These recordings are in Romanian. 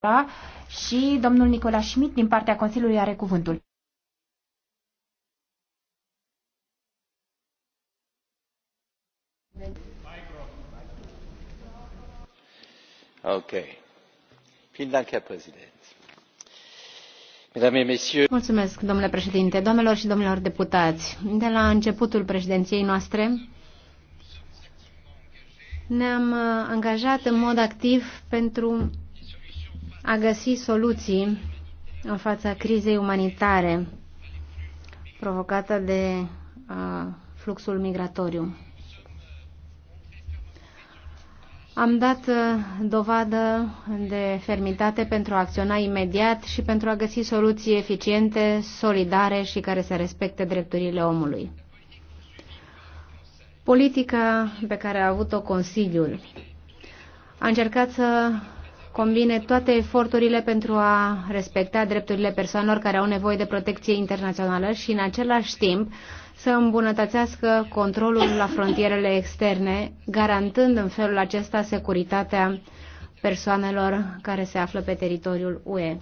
Da? Și domnul Nicola Schmidt din partea Consiliului are cuvântul. Ok. Mulțumesc, domnule președinte, domnilor și domnilor deputați. De la începutul președinției noastre, ne-am uh, angajat în mod activ pentru a găsi soluții în fața crizei umanitare provocată de uh, fluxul migratoriu. Am dat dovadă de fermitate pentru a acționa imediat și pentru a găsi soluții eficiente, solidare și care să respecte drepturile omului. Politica pe care a avut-o Consiliul a încercat să combine toate eforturile pentru a respecta drepturile persoanelor care au nevoie de protecție internațională și în același timp să îmbunătățească controlul la frontierele externe, garantând în felul acesta securitatea persoanelor care se află pe teritoriul UE.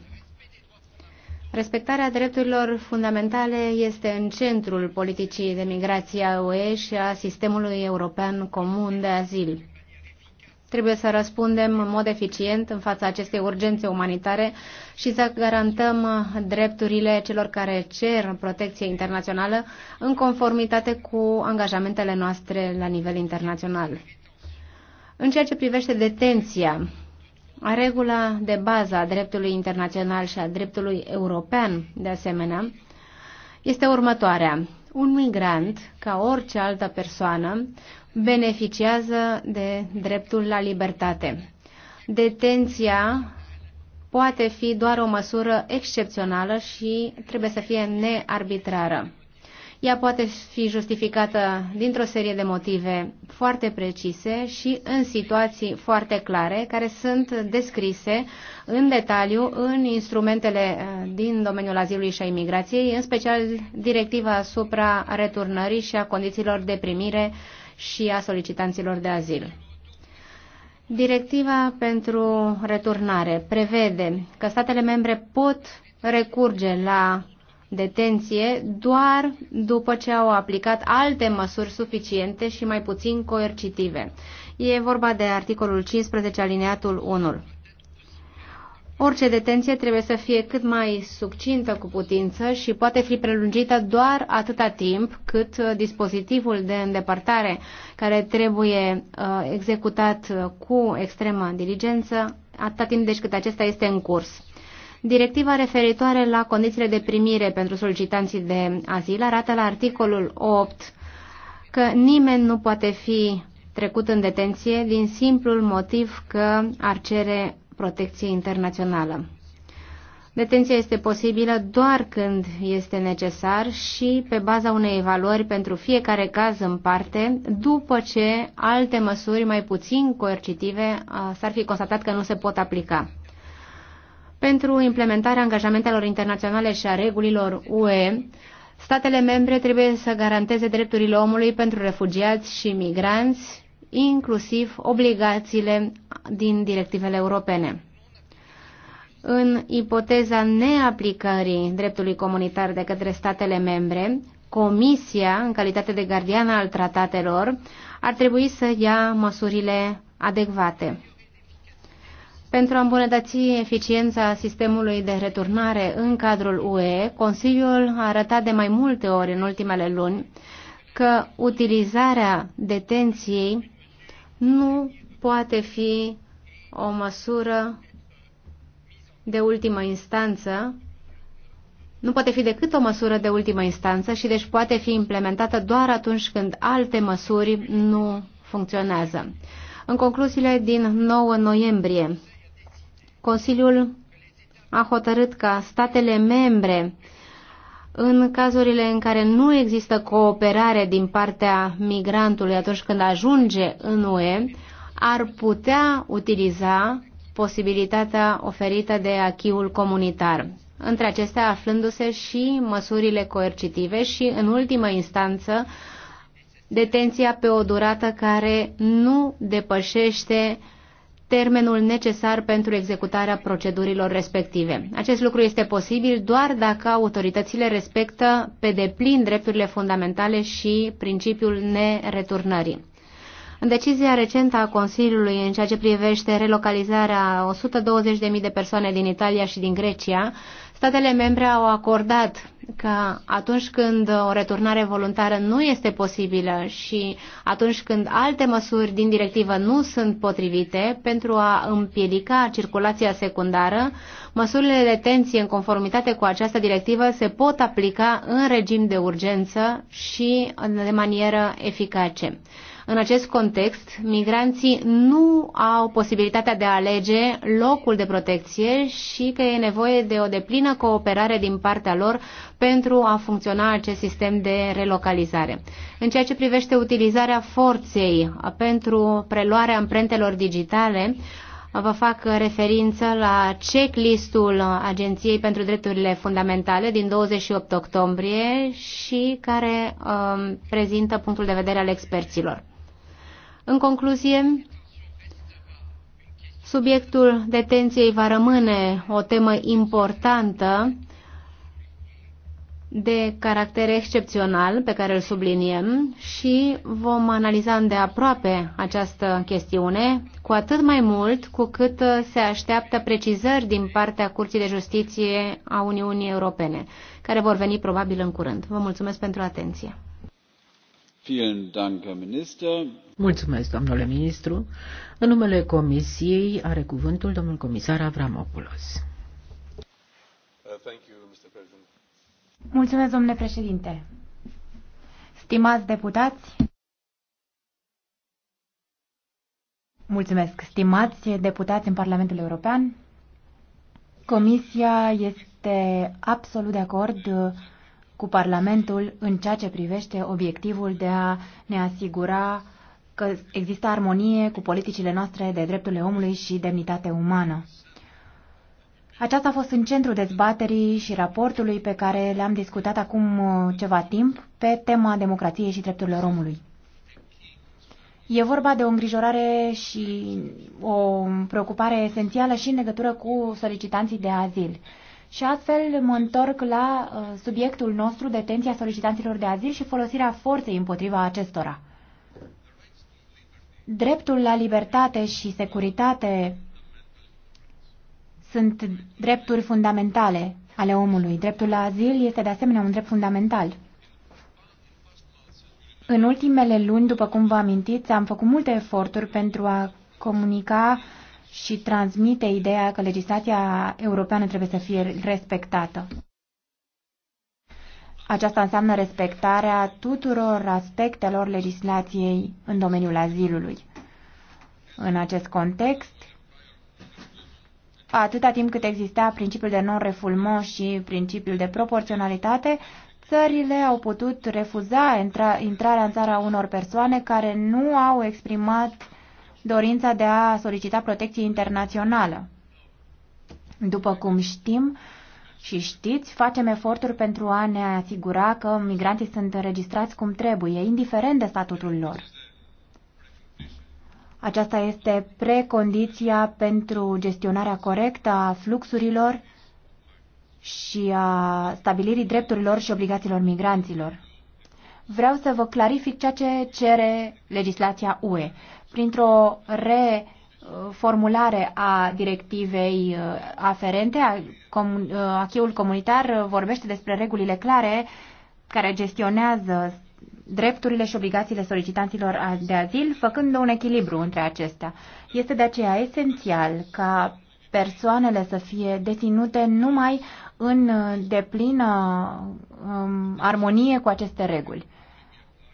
Respectarea drepturilor fundamentale este în centrul politicii de migrație a UE și a sistemului european comun de azil. Trebuie să răspundem în mod eficient în fața acestei urgențe umanitare și să garantăm drepturile celor care cer protecție internațională în conformitate cu angajamentele noastre la nivel internațional. În ceea ce privește detenția, regula de bază a dreptului internațional și a dreptului european, de asemenea, este următoarea. Un migrant, ca orice altă persoană, beneficiază de dreptul la libertate. Detenția poate fi doar o măsură excepțională și trebuie să fie nearbitrară. Ea poate fi justificată dintr-o serie de motive foarte precise și în situații foarte clare, care sunt descrise în detaliu în instrumentele eh, din domeniul azilului și a imigrației, în special directiva asupra returnării și a condițiilor de primire și a solicitanților de azil. Directiva pentru returnare prevede că statele membre pot recurge la detenție doar după ce au aplicat alte măsuri suficiente și mai puțin coercitive. E vorba de articolul 15 alineatul 1. Orice detenție trebuie să fie cât mai succintă cu putință și poate fi prelungită doar atâta timp cât uh, dispozitivul de îndepărtare care trebuie uh, executat uh, cu extremă diligență, atâta timp deci cât acesta este în curs. Directiva referitoare la condițiile de primire pentru solicitanții de azil arată la articolul 8 că nimeni nu poate fi trecut în detenție din simplul motiv că ar cere protecție internațională. Detenția este posibilă doar când este necesar și pe baza unei evaluări pentru fiecare caz în parte, după ce alte măsuri mai puțin coercitive s-ar fi constatat că nu se pot aplica. Pentru implementarea angajamentelor internaționale și a regulilor UE, statele membre trebuie să garanteze drepturile omului pentru refugiați și migranți inclusiv obligațiile din directivele europene. În ipoteza neaplicării dreptului comunitar de către statele membre, Comisia, în calitate de gardian al tratatelor, ar trebui să ia măsurile adecvate. Pentru a îmbunătăți eficiența sistemului de returnare în cadrul UE, Consiliul a arătat de mai multe ori în ultimele luni că utilizarea detenției nu poate fi o măsură de ultimă instanță, nu poate fi decât o măsură de ultimă instanță și deci poate fi implementată doar atunci când alte măsuri nu funcționează. În concluziile din 9 noiembrie, Consiliul a hotărât ca statele membre în cazurile în care nu există cooperare din partea migrantului atunci când ajunge în UE, ar putea utiliza posibilitatea oferită de achiul comunitar, între acestea aflându-se și măsurile coercitive și, în ultimă instanță, detenția pe o durată care nu depășește termenul necesar pentru executarea procedurilor respective. Acest lucru este posibil doar dacă autoritățile respectă pe deplin drepturile fundamentale și principiul nereturnării. În decizia recentă a Consiliului în ceea ce privește relocalizarea 120.000 de persoane din Italia și din Grecia, Statele membre au acordat că atunci când o returnare voluntară nu este posibilă și atunci când alte măsuri din directivă nu sunt potrivite pentru a împiedica circulația secundară, măsurile de detenție în conformitate cu această directivă se pot aplica în regim de urgență și de manieră eficace. În acest context, migranții nu au posibilitatea de a alege locul de protecție și că e nevoie de o deplină cooperare din partea lor pentru a funcționa acest sistem de relocalizare. În ceea ce privește utilizarea forței pentru preluarea amprentelor digitale, vă fac referință la checklistul Agenției pentru Drepturile Fundamentale din 28 octombrie și care um, prezintă punctul de vedere al experților. În concluzie, subiectul detenției va rămâne o temă importantă de caracter excepțional pe care îl subliniem și vom analiza îndeaproape această chestiune, cu atât mai mult cu cât uh, se așteaptă precizări din partea Curții de Justiție a Uniunii Europene, care vor veni probabil în curând. Vă mulțumesc pentru atenție. Mulțumesc, domnule ministru. În numele Comisiei are cuvântul domnul comisar Avramopoulos. Uh, mulțumesc, domnule președinte. Stimați deputați, Mulțumesc. Stimați deputați în Parlamentul European, Comisia este absolut de acord cu Parlamentul în ceea ce privește obiectivul de a ne asigura că există armonie cu politicile noastre de drepturile omului și demnitate umană. Aceasta a fost în centru dezbaterii și raportului pe care le-am discutat acum uh, ceva timp pe tema democrației și drepturilor omului. E vorba de o îngrijorare și o preocupare esențială și în legătură cu solicitanții de azil. Și astfel mă întorc la uh, subiectul nostru, detenția solicitanților de azil și folosirea forței împotriva acestora. Dreptul la libertate și securitate sunt drepturi fundamentale ale omului. Dreptul la azil este de asemenea un drept fundamental. În ultimele luni, după cum vă amintiți, am făcut multe eforturi pentru a comunica și transmite ideea că legislația europeană trebuie să fie respectată. Aceasta înseamnă respectarea tuturor aspectelor legislației în domeniul azilului. În acest context, atâta timp cât exista principiul de non-refulmon și principiul de proporționalitate, țările au putut refuza intra, intrarea în țara unor persoane care nu au exprimat dorința de a solicita protecție internațională. După cum știm și știți, facem eforturi pentru a ne asigura că migranții sunt înregistrați cum trebuie, indiferent de statutul lor. Aceasta este precondiția pentru gestionarea corectă a fluxurilor și a stabilirii drepturilor și obligațiilor migranților. Vreau să vă clarific ceea ce cere legislația UE printr-o reformulare a directivei uh, aferente, uh, acheul comunitar uh, vorbește despre regulile clare care gestionează drepturile și obligațiile solicitanților de azil, făcând un echilibru între acestea. Este de aceea esențial ca persoanele să fie deținute numai în deplină um, armonie cu aceste reguli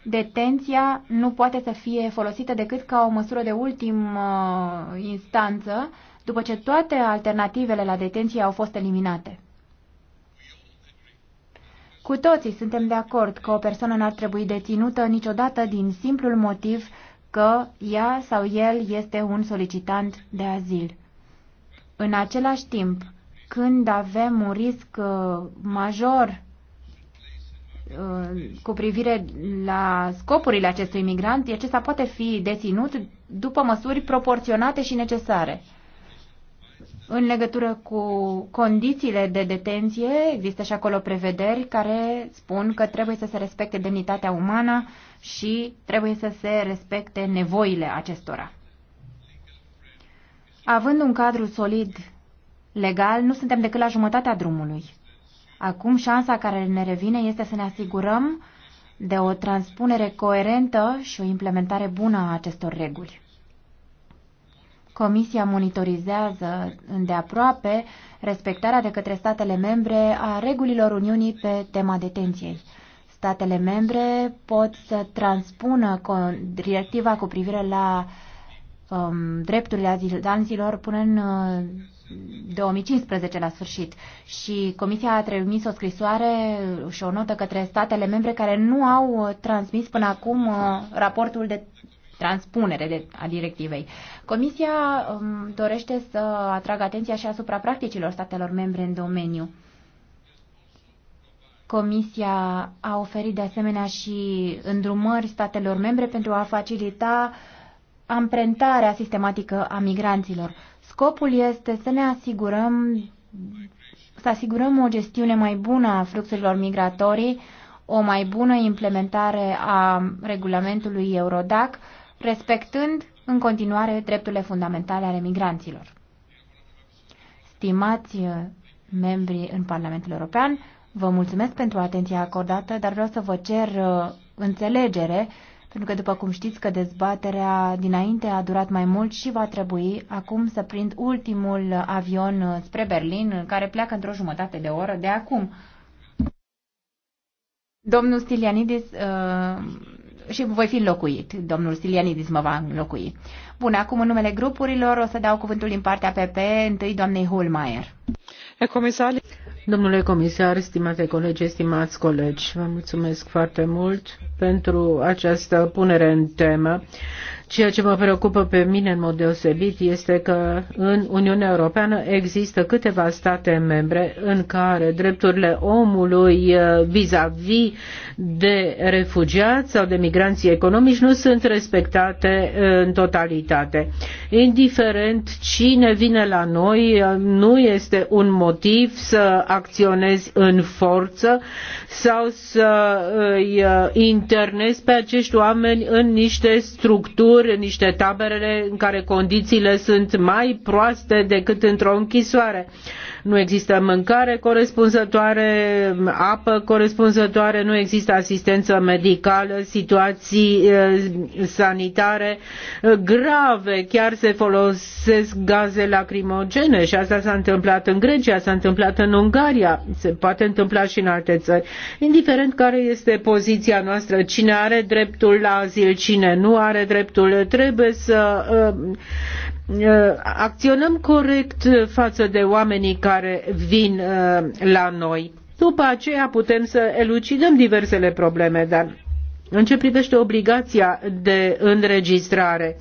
detenția nu poate să fie folosită decât ca o măsură de ultimă uh, instanță, după ce toate alternativele la detenție au fost eliminate. Cu toții suntem de acord că o persoană n-ar trebui deținută niciodată din simplul motiv că ea sau el este un solicitant de azil. În același timp, când avem un risc uh, major Uh, cu privire la scopurile acestui migrant, acesta poate fi deținut după măsuri proporționate și necesare. În legătură cu condițiile de detenție, există și acolo prevederi care spun că trebuie să se respecte demnitatea umană și trebuie să se respecte nevoile acestora. Având un cadru solid legal, nu suntem decât la jumătatea drumului. Acum șansa care ne revine este să ne asigurăm de o transpunere coerentă și o implementare bună a acestor reguli. Comisia monitorizează îndeaproape respectarea de către statele membre a regulilor Uniunii pe tema detenției. Statele membre pot să transpună directiva cu privire la um, drepturile azilanților până în uh, 2015 la sfârșit și Comisia a trimis o scrisoare și o notă către statele membre care nu au transmis până acum uh, raportul de transpunere de, a directivei. Comisia um, dorește să atragă atenția și asupra practicilor statelor membre în domeniu. Comisia a oferit de asemenea și îndrumări statelor membre pentru a facilita amprentarea sistematică a migranților. Scopul este să ne asigurăm să asigurăm o gestiune mai bună a fluxurilor migratorii, o mai bună implementare a regulamentului Eurodac, respectând în continuare drepturile fundamentale ale migranților. Stimați uh, membri în Parlamentul European, vă mulțumesc pentru atenția acordată, dar vreau să vă cer uh, înțelegere pentru că, după cum știți, că dezbaterea dinainte a durat mai mult și va trebui acum să prind ultimul avion spre Berlin, care pleacă într-o jumătate de oră de acum. Domnul Stilianidis, uh, și voi fi înlocuit. Domnul Stilianidis mă va înlocui. Bun, acum în numele grupurilor o să dau cuvântul din partea PP, întâi doamnei Holmeier. Comisar. Domnule comisar, stimate colegi, stimați colegi, vă mulțumesc foarte mult pentru această punere în temă. Ceea ce mă preocupă pe mine în mod deosebit este că în Uniunea Europeană există câteva state membre în care drepturile omului eh, vis-a-vis -vis de refugiați sau de migranții economici nu sunt respectate eh, în totalitate. Indiferent cine vine la noi, eh, nu este un motiv să acționezi în forță sau să îi internezi pe acești oameni în niște structuri locuri, niște taberele în care condițiile sunt mai proaste decât într-o închisoare nu există mâncare corespunzătoare, apă corespunzătoare, nu există asistență medicală, situații eh, sanitare eh, grave, chiar se folosesc gaze lacrimogene și asta s-a întâmplat în Grecia, s-a întâmplat în Ungaria, se poate întâmpla și în alte țări. Indiferent care este poziția noastră, cine are dreptul la azil, cine nu are dreptul, trebuie să eh, Uh, acționăm corect față de oamenii care vin uh, la noi. După aceea putem să elucidăm diversele probleme, dar în ce privește obligația de înregistrare,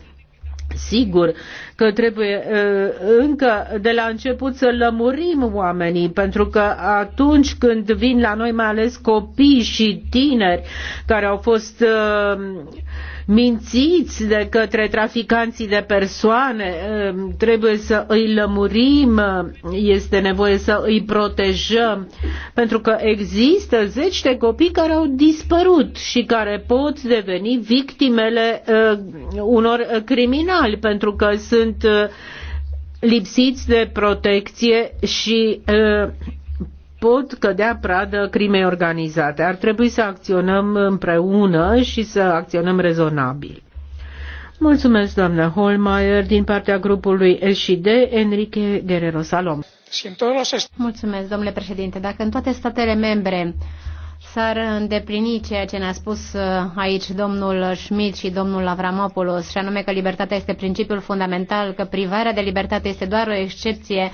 Sigur că trebuie uh, încă de la început să lămurim oamenii, pentru că atunci când vin la noi, mai ales copii și tineri care au fost uh, mințiți de către traficanții de persoane, ehm, trebuie să îi lămurim, este nevoie să îi protejăm, pentru că există zeci de copii care au dispărut și care pot deveni victimele ehm, unor criminali, pentru că sunt ehm, lipsiți de protecție și pot cădea pradă crimei organizate. Ar trebui să acționăm împreună și să acționăm rezonabil. Mulțumesc, doamna Holmeier, din partea grupului SD, Enrique Guerrero Salom. Mulțumesc, domnule președinte. Dacă în toate statele membre s-ar îndeplini ceea ce ne-a spus uh, aici domnul Schmidt și domnul Avramopoulos, și anume că libertatea este principiul fundamental, că privarea de libertate este doar o excepție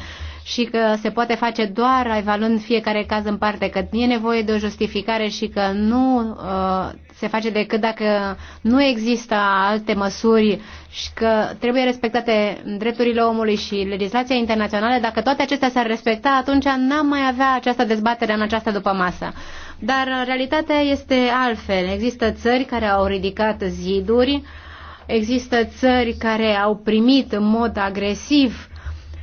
și că se poate face doar evaluând fiecare caz în parte, că e nevoie de o justificare și că nu uh, se face decât dacă nu există alte măsuri și că trebuie respectate drepturile omului și legislația internațională, dacă toate acestea s-ar respecta, atunci n-am mai avea această dezbatere în această după masă. Dar realitatea este altfel. Există țări care au ridicat ziduri, există țări care au primit în mod agresiv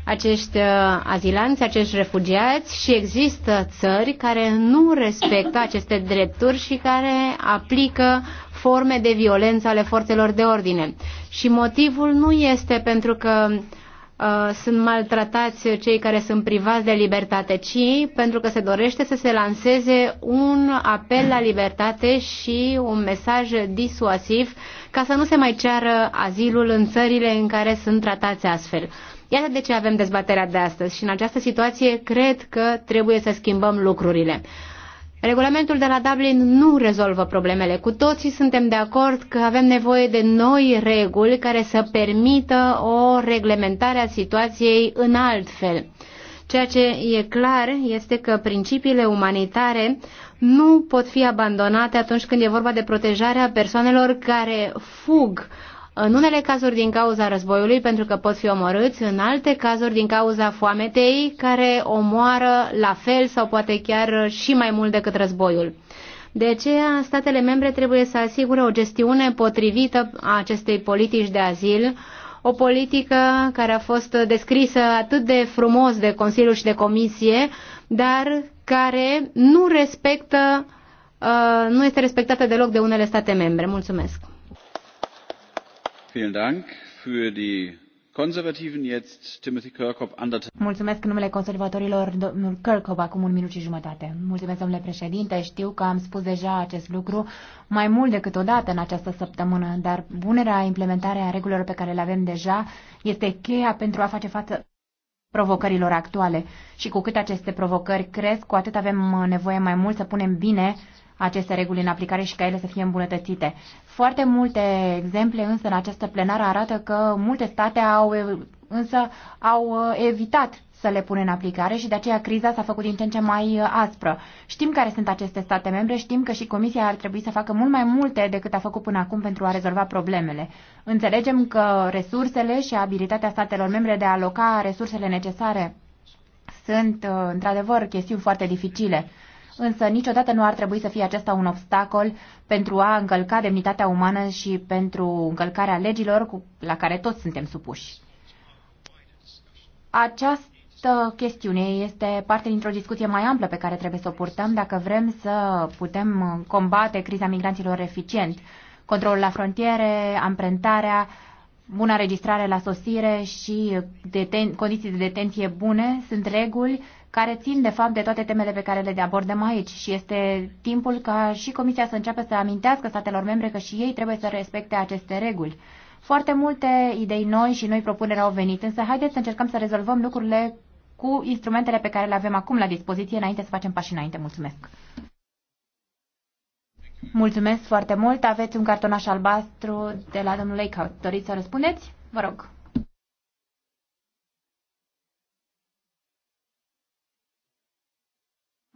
acești uh, azilanți, acești refugiați și există țări care nu respectă aceste drepturi și care aplică forme de violență ale forțelor de ordine. Și motivul nu este pentru că uh, sunt maltratați cei care sunt privați de libertate, ci pentru că se dorește să se lanseze un apel la libertate și un mesaj disuasiv ca să nu se mai ceară azilul în țările în care sunt tratați astfel. Iată de ce avem dezbaterea de astăzi și în această situație cred că trebuie să schimbăm lucrurile. Regulamentul de la Dublin nu rezolvă problemele. Cu toții suntem de acord că avem nevoie de noi reguli care să permită o reglementare a situației în alt fel. Ceea ce e clar este că principiile umanitare nu pot fi abandonate atunci când e vorba de protejarea persoanelor care fug în unele cazuri din cauza războiului, pentru că pot fi omorâți, în alte cazuri din cauza foametei, care omoară la fel sau poate chiar și mai mult decât războiul. De aceea, statele membre trebuie să asigure o gestiune potrivită a acestei politici de azil, o politică care a fost descrisă atât de frumos de Consiliu și de Comisie, dar care nu respectă, uh, nu este respectată deloc de unele state membre. Mulțumesc! Mulțumesc în numele conservatorilor, domnul Kirkhope, acum un minut și jumătate. Mulțumesc, domnule președinte, știu că am spus deja acest lucru mai mult decât o dată în această săptămână, dar bunerea implementare a regulilor pe care le avem deja este cheia pentru a face față provocărilor actuale. Și cu cât aceste provocări cresc, cu atât avem nevoie mai mult să punem bine aceste reguli în aplicare și ca ele să fie îmbunătățite. Foarte multe exemple însă în această plenară arată că multe state au însă au uh, evitat să le pună în aplicare și de aceea criza s-a făcut din ce în ce mai uh, aspră. Știm care sunt aceste state membre, știm că și Comisia ar trebui să facă mult mai multe decât a făcut până acum pentru a rezolva problemele. Înțelegem că resursele și abilitatea statelor membre de a aloca resursele necesare sunt uh, într-adevăr chestiuni foarte dificile însă niciodată nu ar trebui să fie acesta un obstacol pentru a încălca demnitatea umană și pentru încălcarea legilor cu, la care toți suntem supuși. Această chestiune este parte dintr-o discuție mai amplă pe care trebuie să o purtăm dacă vrem să putem combate criza migranților eficient. Controlul la frontiere, amprentarea, buna registrare la sosire și deten- condiții de detenție bune sunt reguli care țin de fapt de toate temele pe care le abordăm aici și este timpul ca și Comisia să înceapă să amintească statelor membre că și ei trebuie să respecte aceste reguli. Foarte multe idei noi și noi propuneri au venit, însă haideți să încercăm să rezolvăm lucrurile cu instrumentele pe care le avem acum la dispoziție înainte să facem pași înainte. Mulțumesc! Mulțumesc foarte mult! Aveți un cartonaș albastru de la domnul Lakeout. Doriți să răspundeți? Vă rog!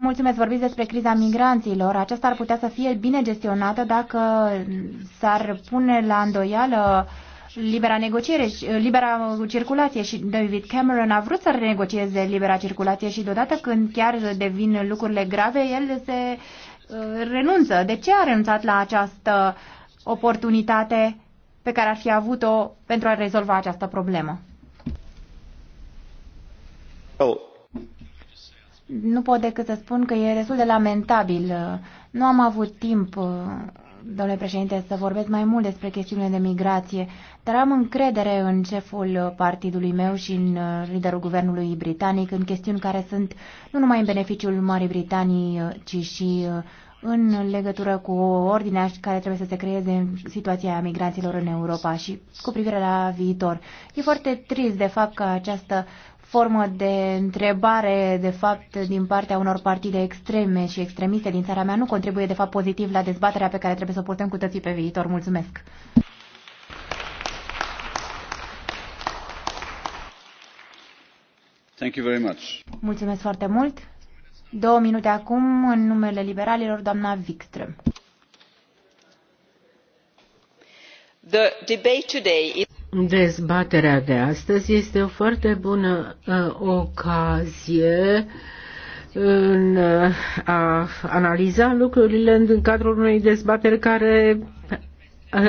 Mulțumesc, vorbiți despre criza migranților. Aceasta ar putea să fie bine gestionată dacă s-ar pune la îndoială libera negociere, libera circulație și David Cameron a vrut să renegocieze libera circulație și deodată când chiar devin lucrurile grave, el se uh, renunță. De ce a renunțat la această oportunitate pe care ar fi avut-o pentru a rezolva această problemă? Oh nu pot decât să spun că e destul de lamentabil. Nu am avut timp, uh, domnule președinte, să vorbesc mai mult despre chestiunile de migrație, dar am încredere în șeful partidului meu și în uh, liderul guvernului britanic în chestiuni care sunt nu numai în beneficiul Marii Britanii, uh, ci și în legătură cu ordinea care trebuie să se creeze în situația migranților în Europa și cu privire la viitor. E foarte trist de fapt că această formă de întrebare, de fapt, din partea unor partide extreme și extremiste din țara mea nu contribuie, de fapt, pozitiv la dezbaterea pe care trebuie să o purtăm cu toții pe viitor. Mulțumesc! Thank you very much. Mulțumesc foarte mult! Două minute acum, în numele liberalilor, doamna Wikström. The debate today is Dezbaterea de astăzi este o foarte bună uh, ocazie în uh, a analiza lucrurile în cadrul unei dezbateri care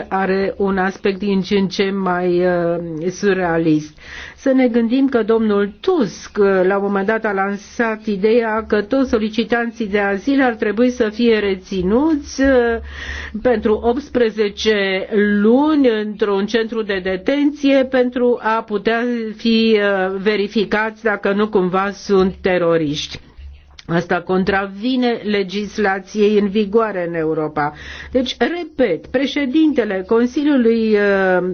are un aspect din ce în ce mai uh, surrealist. Să ne gândim că domnul Tusk uh, la un moment dat a lansat ideea că toți solicitanții de azil ar trebui să fie reținuți uh, pentru 18 luni într-un centru de detenție pentru a putea fi verificați dacă nu cumva sunt teroriști. Asta contravine legislației în vigoare în Europa. Deci, repet, președintele Consiliului uh,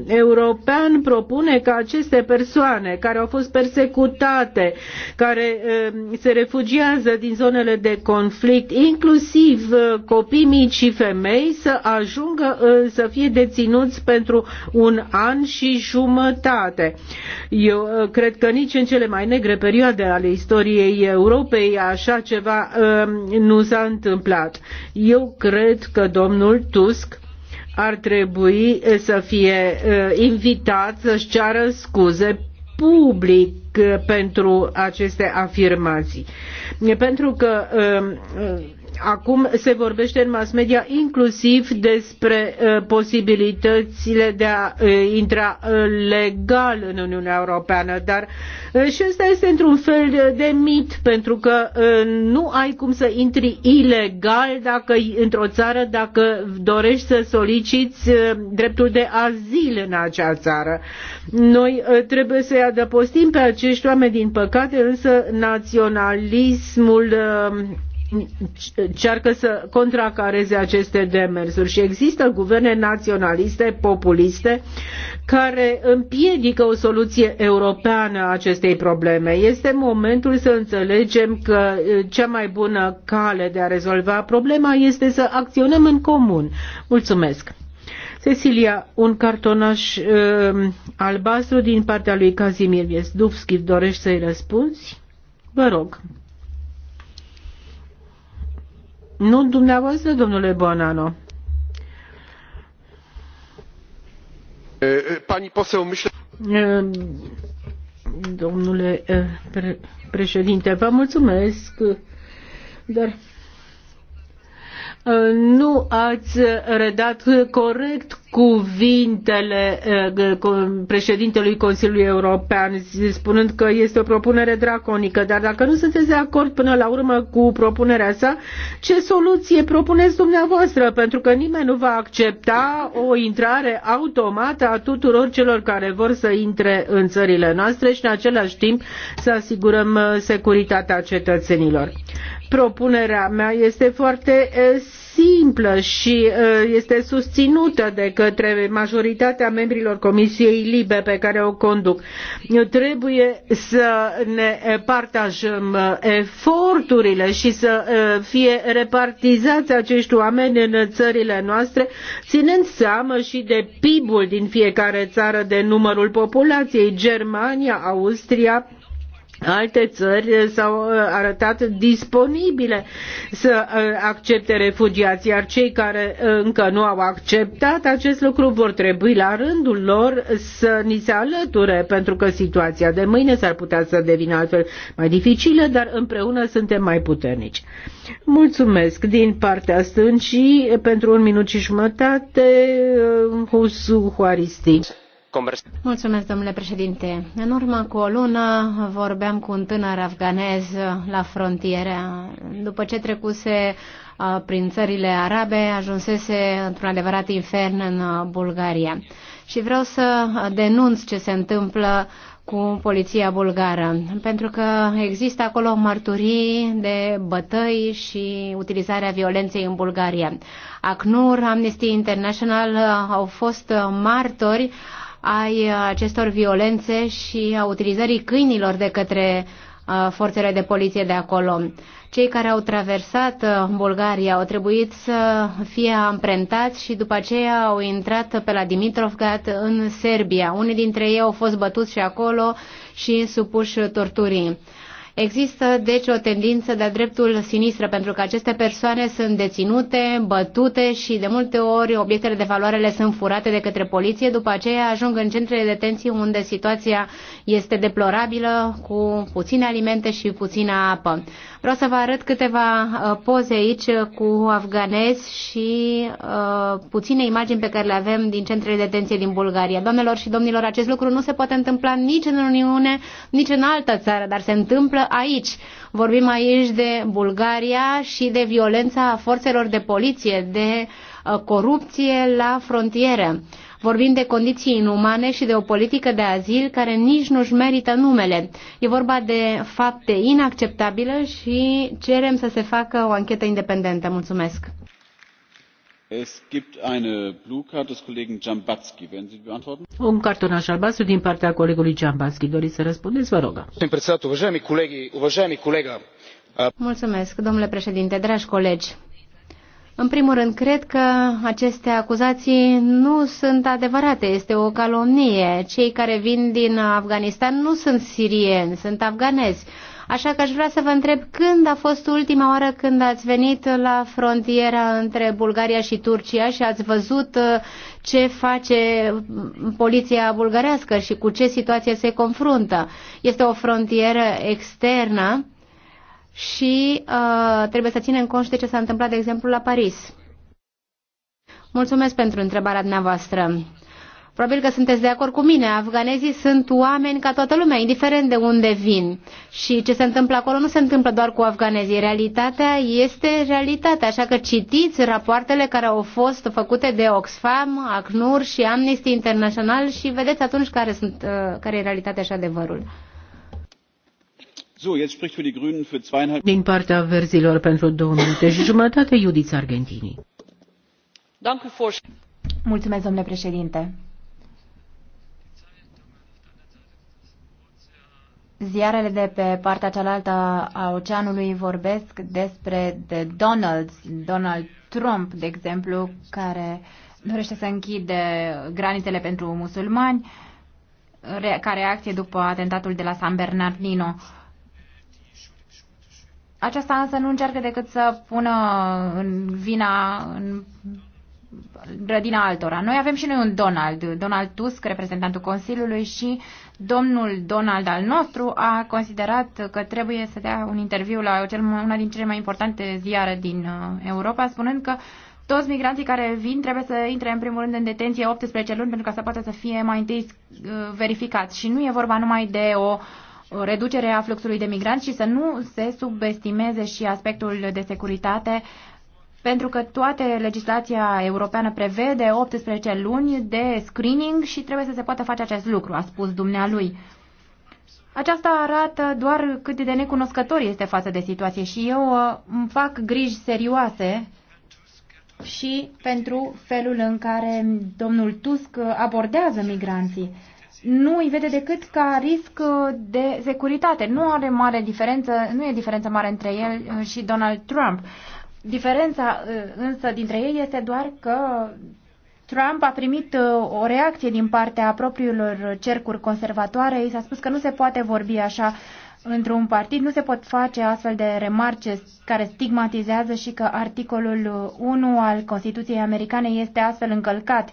European propune ca aceste persoane care au fost persecutate, care uh, se refugiază din zonele de conflict, inclusiv uh, copii mici și femei, să ajungă să fie deținuți pentru un an și jumătate. Eu cred că nici în cele mai negre perioade ale istoriei Europei așa ceva um, nu s-a întâmplat. Eu cred că domnul Tusk ar trebui eh, să fie eh, invitat să-și ceară scuze public eh, pentru aceste afirmații. Pentru că um, Acum se vorbește în mass media inclusiv despre uh, posibilitățile de a uh, intra uh, legal în Uniunea Europeană, dar și ăsta este într-un fel de mit, pentru că nu ai cum să intri ilegal dacă într-o țară dacă dorești să soliciți dreptul de azil în acea țară. Noi trebuie să-i adăpostim pe acești oameni, din păcate, însă naționalismul încearcă să contracareze aceste demersuri și există guverne naționaliste, populiste, care împiedică o soluție europeană a acestei probleme. Este momentul să înțelegem că eh, cea mai bună cale de a rezolva problema este să acționăm în comun. Mulțumesc! Cecilia, un cartonaș uh, albastru din partea lui Kazimir Viesduvski, dorești să-i răspunzi? Vă rog. Nu dumneavoastră, domnule Bonano. Pani poseł, myślę... Domnule președinte, vă mulțumesc, dar nu ați redat corect cuvintele eh, președintelui Consiliului European, spunând că este o propunere draconică, dar dacă nu sunteți de acord până la urmă cu propunerea sa, ce soluție propuneți dumneavoastră? Pentru că nimeni nu va accepta o intrare automată a tuturor celor care vor să intre în țările noastre și în același timp să asigurăm eh, securitatea cetățenilor. Propunerea mea este foarte simplă și este susținută de către majoritatea membrilor Comisiei Libe pe care o conduc. Trebuie să ne partajăm eforturile și să fie repartizați acești oameni în țările noastre, ținând seama și de PIB-ul din fiecare țară, de numărul populației, Germania, Austria, Alte țări eh, s-au eh, arătat disponibile să eh, accepte refugiații, iar cei care încă nu au acceptat acest lucru vor trebui la rândul lor să ni se alăture, pentru că situația de mâine s-ar putea să devină altfel mai dificilă, dar împreună suntem mai puternici. Mulțumesc din partea stâncii pentru un minut și jumătate, Husu Huaristi. Mulțumesc, domnule președinte. În urmă cu o lună vorbeam cu un tânăr afganez la frontieră. După ce trecuse prin țările arabe, ajunsese într-un adevărat infern în Bulgaria. Și vreau să denunț ce se întâmplă cu poliția bulgară, pentru că există acolo mărturii de bătăi și utilizarea violenței în Bulgaria. ACNUR, Amnesty International au fost martori ai uh, acestor violențe și a utilizării câinilor de către uh, forțele de poliție de acolo. Cei care au traversat uh, Bulgaria au trebuit să fie amprentați și după aceea au intrat pe la Dimitrovgrad în Serbia. Unii dintre ei au fost bătuți și acolo și supuși torturii. Există, deci, o tendință de-a dreptul sinistră, pentru că aceste persoane sunt deținute, bătute și, de multe ori, obiectele de valoare le sunt furate de către poliție. După aceea ajung în centrele de detenție unde situația este deplorabilă, cu puține alimente și puțină apă. Vreau să vă arăt câteva uh, poze aici uh, cu afganezi și uh, puține imagini pe care le avem din centrele de detenție din Bulgaria. Doamnelor și domnilor, acest lucru nu se poate întâmpla nici în Uniune, nici în altă țară, dar se întâmplă aici. Vorbim aici de Bulgaria și de violența forțelor de poliție, de uh, corupție la frontieră. Vorbim de condiții inumane și de o politică de azil care nici nu-și merită numele. E vorba de fapte inacceptabile și cerem să se facă o anchetă independentă. Mulțumesc! un albastru din partea colegului Mulțumesc, domnule președinte, dragi colegi. În primul rând, cred că aceste acuzații nu sunt adevărate, este o calomnie. Cei care vin din Afganistan nu sunt sirieni, sunt afganezi. Așa că aș vrea să vă întreb când a fost ultima oară când ați venit la frontiera între Bulgaria și Turcia și ați văzut uh, ce face mm, poliția bulgarească și cu ce situație se confruntă. Este o frontieră externă și uh, trebuie să ținem conști de ce s-a întâmplat, de exemplu, la Paris. Mulțumesc pentru întrebarea dumneavoastră. Probabil că sunteți de acord cu mine. Afganezii sunt oameni ca toată lumea, indiferent de unde vin. Și ce se întâmplă acolo nu se întâmplă doar cu afganezii. Realitatea este realitatea. Așa că citiți rapoartele care au fost făcute de Oxfam, ACNUR și Amnesty International și vedeți atunci care, sunt, uh, care e realitatea și adevărul. Din partea verzilor pentru două minute și jumătate, Iudița Argentinii. Mulțumesc, domnule președinte. Ziarele de pe partea cealaltă a oceanului vorbesc despre The Donald, Donald Trump, de exemplu, care dorește să închide granițele pentru musulmani, ca reacție după atentatul de la San Bernardino. Aceasta însă nu încearcă decât să pună în vina, în grădina altora. Noi avem și noi un Donald, Donald Tusk, reprezentantul Consiliului și domnul Donald al nostru a considerat că trebuie să dea un interviu la una din cele mai importante ziare din uh, Europa, spunând că toți migranții care vin trebuie să intre în primul rând în detenție 18 luni pentru ca să poată să fie mai întâi uh, verificat. Și nu e vorba numai de o reducere a fluxului de migranți și să nu se subestimeze și aspectul de securitate uh, pentru că toate legislația europeană prevede 18 luni de screening și trebuie să se poată face acest lucru, a spus dumnealui. Aceasta arată doar cât de necunoscător este față de situație și eu uh, îmi fac griji serioase și pentru felul în care domnul Tusk abordează migranții. Nu îi vede decât ca risc de securitate. Nu are mare diferență, nu e diferență mare între el și Donald Trump. Diferența uh, însă dintre ei este doar că Trump a primit uh, o reacție din partea propriilor cercuri conservatoare. I s-a spus că nu se poate vorbi așa într-un partid, nu se pot face astfel de remarce care stigmatizează și că articolul 1 uh, al Constituției americane este astfel încălcat.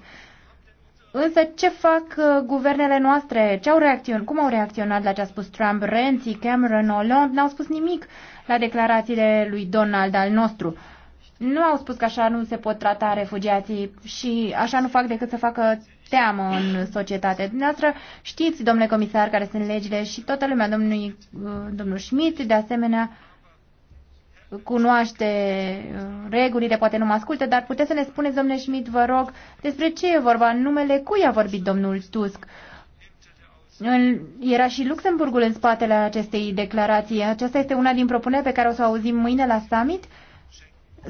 Însă ce fac guvernele noastre? Ce au reacționat? Cum au reacționat la ce a spus Trump? Renzi, Cameron, Hollande n-au spus nimic la declarațiile lui Donald al nostru. Nu au spus că așa nu se pot trata refugiații și așa nu fac decât să facă teamă în societate. Dumneavoastră știți, domnule comisar, care sunt legile și toată lumea, domnului, uh, domnul Schmidt, de asemenea, cunoaște uh, regulile, poate nu mă ascultă, dar puteți să ne spuneți, domnule Schmidt, vă rog, despre ce e vorba, numele cui a vorbit domnul Tusk era și Luxemburgul în spatele acestei declarații. Aceasta este una din propuneri pe care o să o auzim mâine la summit.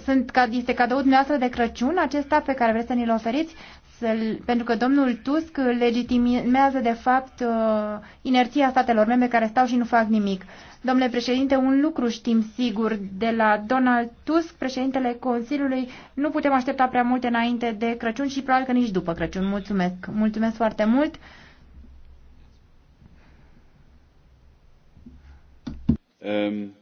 Sunt, este cadoul dumneavoastră de Crăciun acesta pe care vreți să ni-l oferiți? pentru că domnul Tusk legitimează de fapt uh, inerția statelor membre care stau și nu fac nimic. Domnule președinte, un lucru știm sigur de la Donald Tusk, președintele Consiliului, nu putem aștepta prea multe înainte de Crăciun și probabil că nici după Crăciun. Mulțumesc! Mulțumesc foarte mult! Um,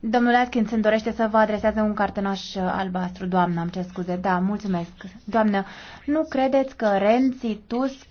Domnule Atkins, îmi dorește să vă adresez un cartonaș albastru. Doamnă, am cer scuze. Da, mulțumesc. Doamnă, nu credeți că Renzi, Tusk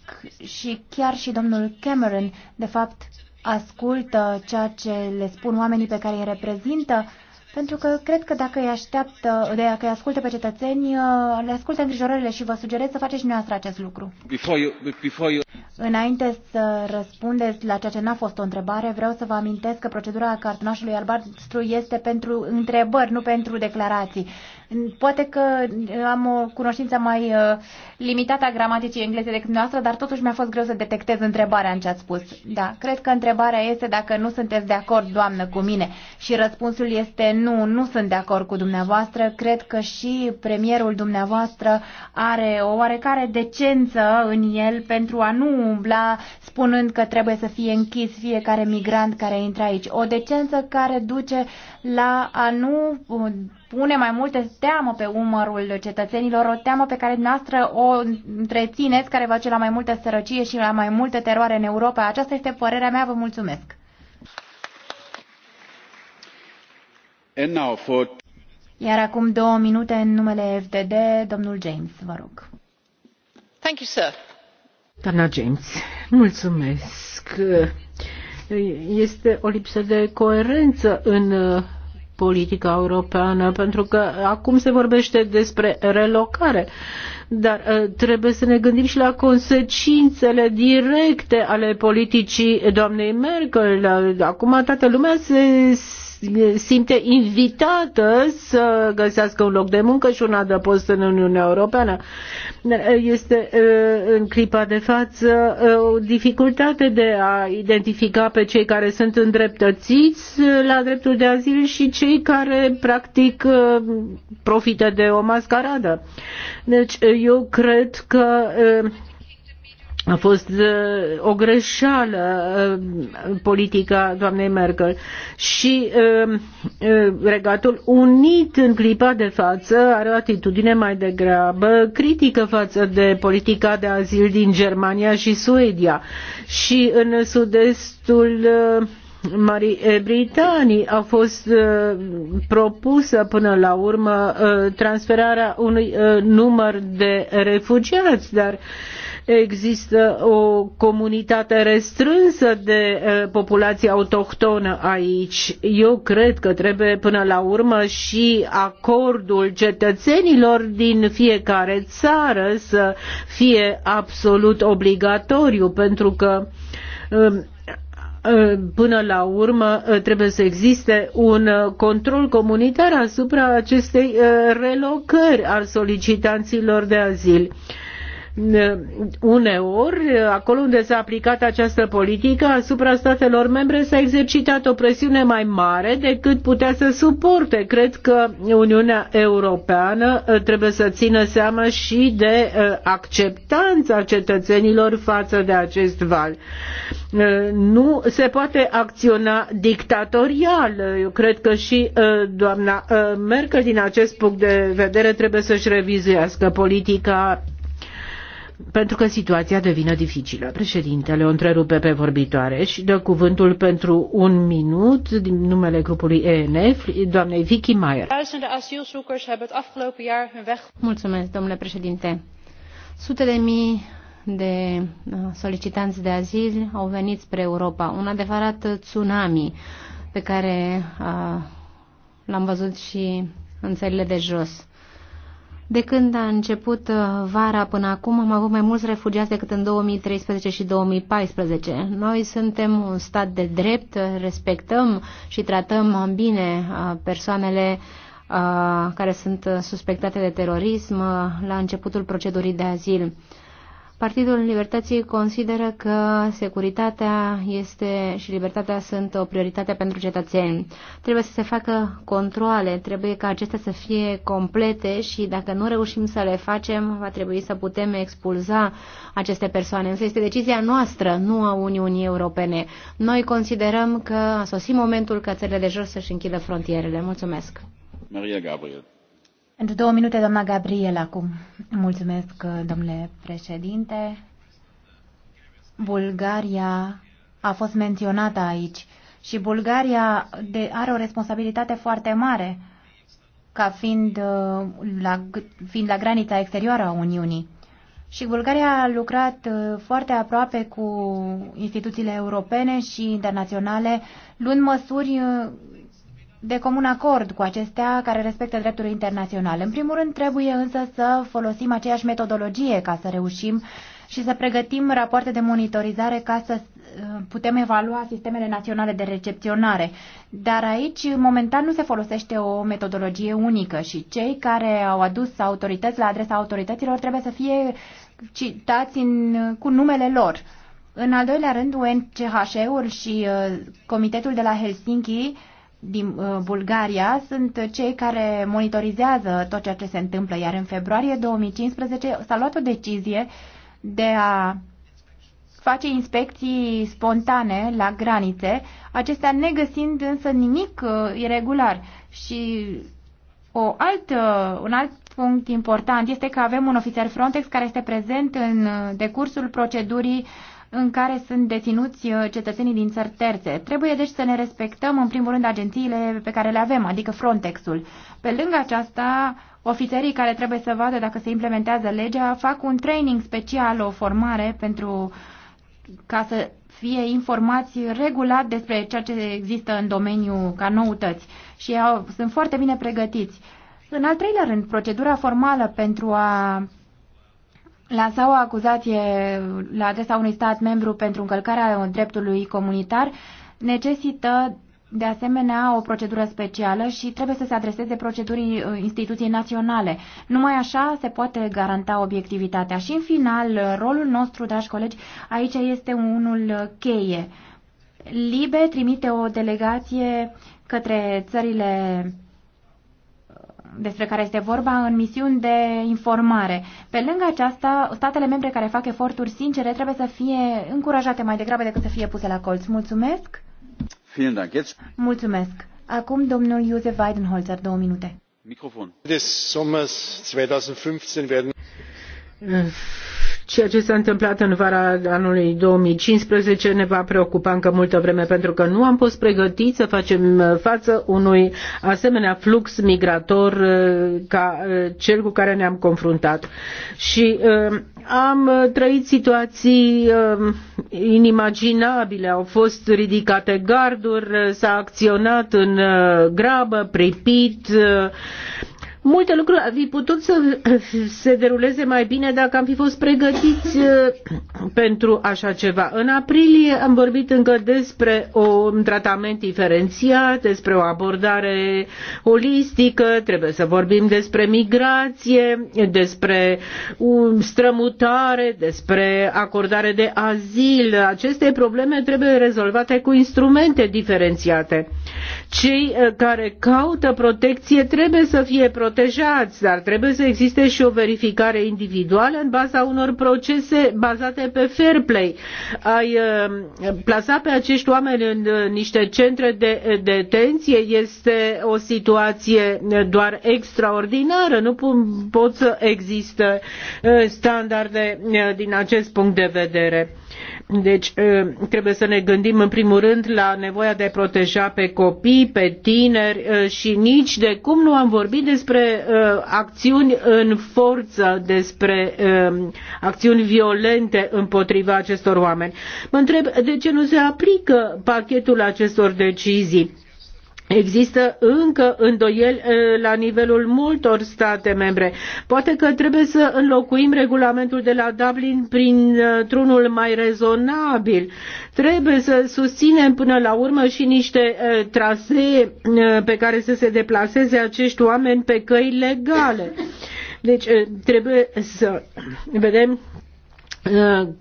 și chiar și domnul Cameron, de fapt, ascultă ceea ce le spun oamenii pe care îi reprezintă? Pentru că cred că dacă îi așteaptă, dacă îi ascultă pe cetățeni, uh, le ascultă îngrijorările și vă sugerez să faceți și noastră acest lucru. Before you, before you... Înainte să răspundeți la ceea ce n-a fost o întrebare, vreau să vă amintesc că procedura cartonașului albastru este pentru întrebări, nu pentru declarații. Poate că uh, am o cunoștință mai uh, limitată a gramaticii engleze decât noastră, dar totuși mi-a fost greu să detectez întrebarea în ce ați spus. Da, cred că întrebarea este dacă nu sunteți de acord, doamnă, cu mine. Și răspunsul este nu, nu sunt de acord cu dumneavoastră. Cred că și premierul dumneavoastră are o oarecare decență în el pentru a nu umbla spunând că trebuie să fie închis fiecare migrant care intră aici. O decență care duce la a nu pune mai multe teamă pe umărul cetățenilor, o teamă pe care dumneavoastră o întrețineți, care va duce la mai multă sărăcie și la mai multă teroare în Europa. Aceasta este părerea mea, vă mulțumesc. For... Iar acum două minute în numele FDD, domnul James, vă rog. Thank you, sir. Doamna James, mulțumesc. Este o lipsă de coerență în politica europeană, pentru că acum se vorbește despre relocare, dar uh, trebuie să ne gândim și la consecințele directe ale politicii doamnei Merkel. Uh, acum toată lumea se simte invitată să găsească un loc de muncă și un adăpost în Uniunea Europeană. Este în clipa de față o dificultate de a identifica pe cei care sunt îndreptățiți la dreptul de azil și cei care practic profită de o mascaradă. Deci eu cred că a fost uh, o greșeală uh, politica doamnei Merkel și um, uh, Regatul Unit în clipa de față are o atitudine mai degrabă critică față de politica de azil din Germania și Suedia și în sud-estul Marii Britanii a fost propusă până la urmă transferarea unui număr de refugiați, dar Există o comunitate restrânsă de populație autohtonă aici. Eu cred că trebuie până la urmă și acordul cetățenilor din fiecare țară să fie absolut obligatoriu, pentru că până la urmă trebuie să existe un control comunitar asupra acestei relocări al solicitanților de azil uneori, acolo unde s-a aplicat această politică, asupra statelor membre s-a exercitat o presiune mai mare decât putea să suporte. Cred că Uniunea Europeană uh, trebuie să țină seama și de uh, acceptanța cetățenilor față de acest val. Uh, nu se poate acționa dictatorial. Eu cred că și doamna Merkel din acest punct de vedere trebuie să-și revizuiască politica pentru că situația devine dificilă. Președintele o întrerupe pe vorbitoare și dă cuvântul pentru un minut din numele grupului ENF, doamnei Vicky Mayer. Mulțumesc, domnule președinte. Sute de mii de uh, solicitanți de azil au venit spre Europa. Un adevărat tsunami pe care uh, l-am văzut și în țările de jos. De când a început uh, vara până acum, am avut mai mulți refugiați decât în 2013 și 2014. Noi suntem un stat de drept, respectăm și tratăm bine uh, persoanele uh, care sunt suspectate de terorism la începutul procedurii de azil. Partidul Libertății consideră că securitatea este și libertatea sunt o prioritate pentru cetățeni. Trebuie să se facă controle, trebuie ca acestea să fie complete și dacă nu reușim să le facem, va trebui să putem expulza aceste persoane. Însă este decizia noastră, nu a Uniunii Europene. Noi considerăm că a sosit momentul ca țările de jos să-și închidă frontierele. Mulțumesc! Maria Gabriel. Pentru două minute, doamna Gabriel, acum. Mulțumesc, domnule președinte. Bulgaria a fost menționată aici și Bulgaria de, are o responsabilitate foarte mare ca fiind uh, la, fiind la granița exterioară a Uniunii. Și Bulgaria a lucrat uh, foarte aproape cu instituțiile europene și internaționale, luând măsuri uh, de comun acord cu acestea care respectă dreptul internațional. În primul rând, trebuie însă să folosim aceeași metodologie ca să reușim și să pregătim rapoarte de monitorizare ca să uh, putem evalua sistemele naționale de recepționare. Dar aici, momentan, nu se folosește o metodologie unică și cei care au adus autorități la adresa autorităților trebuie să fie citați în, cu numele lor. În al doilea rând, UNCHR-ul și uh, Comitetul de la Helsinki uh, din uh, Bulgaria sunt cei care monitorizează tot ceea ce se întâmplă, iar în februarie 2015 s-a luat o decizie de a face inspecții spontane la granițe, acestea negăsind însă nimic uh, irregular. Și o altă, un alt punct important este că avem un ofițer Frontex care este prezent în uh, decursul procedurii uh, în care sunt deținuți uh, cetățenii din țări terțe. Trebuie deci să ne respectăm în primul rând agențiile pe care le avem, adică Frontex-ul. Pe lângă aceasta, ofițerii care trebuie să vadă dacă se implementează legea fac un training special, o formare pentru ca să fie informați regulat despre ceea ce există în domeniu ca noutăți și au, sunt foarte bine pregătiți. În al treilea rând, procedura formală pentru a lansa o acuzație la adresa unui stat membru pentru încălcarea dreptului comunitar necesită de asemenea o procedură specială și trebuie să se adreseze procedurii uh, instituției naționale. Numai așa se poate garanta obiectivitatea. Și în final, rolul nostru, dragi colegi, aici este unul cheie. Libe trimite o delegație către țările despre care este vorba în misiuni de informare. Pe lângă aceasta, statele membre care fac eforturi sincere trebuie să fie încurajate mai degrabă decât să fie puse la colț. Mulțumesc! Mulțumesc! Acum domnul Josef Weidenholzer, două minute. Microfon. 2015 werden äh, Ceea ce s-a întâmplat în vara anului 2015 ne va preocupa încă multă vreme pentru că nu am fost pregătiți să facem uh, față unui asemenea flux migrator uh, ca uh, cel cu care ne-am confruntat. Și am trăit situații inimaginabile, au fost ridicate garduri, s-a acționat în grabă, pripit, Multe lucruri ar fi putut să se deruleze mai bine dacă am fi fost pregătiți uh, pentru așa ceva. În aprilie am vorbit încă despre un tratament diferențiat, despre o abordare holistică, trebuie să vorbim despre migrație, despre strămutare, despre acordare de azil. Aceste probleme trebuie rezolvate cu instrumente diferențiate cei uh, care caută protecție trebuie să fie protejați, dar trebuie să existe și o verificare individuală în baza unor procese bazate pe fair play. Ai uh, plasa pe acești oameni în uh, niște centre de detenție este o situație doar extraordinară. Nu pot să există standarde din acest punct de vedere. Deci trebuie să ne gândim în primul rând la nevoia de a proteja pe copii, pe tineri și nici de cum nu am vorbit despre acțiuni în forță, despre acțiuni violente împotriva acestor oameni. Mă întreb de ce nu se aplică pachetul acestor decizii Există încă îndoieli la nivelul multor state membre. Poate că trebuie să înlocuim regulamentul de la Dublin printr-unul mai rezonabil. Trebuie să susținem până la urmă și niște trasee pe care să se deplaseze acești oameni pe căi legale. Deci trebuie să vedem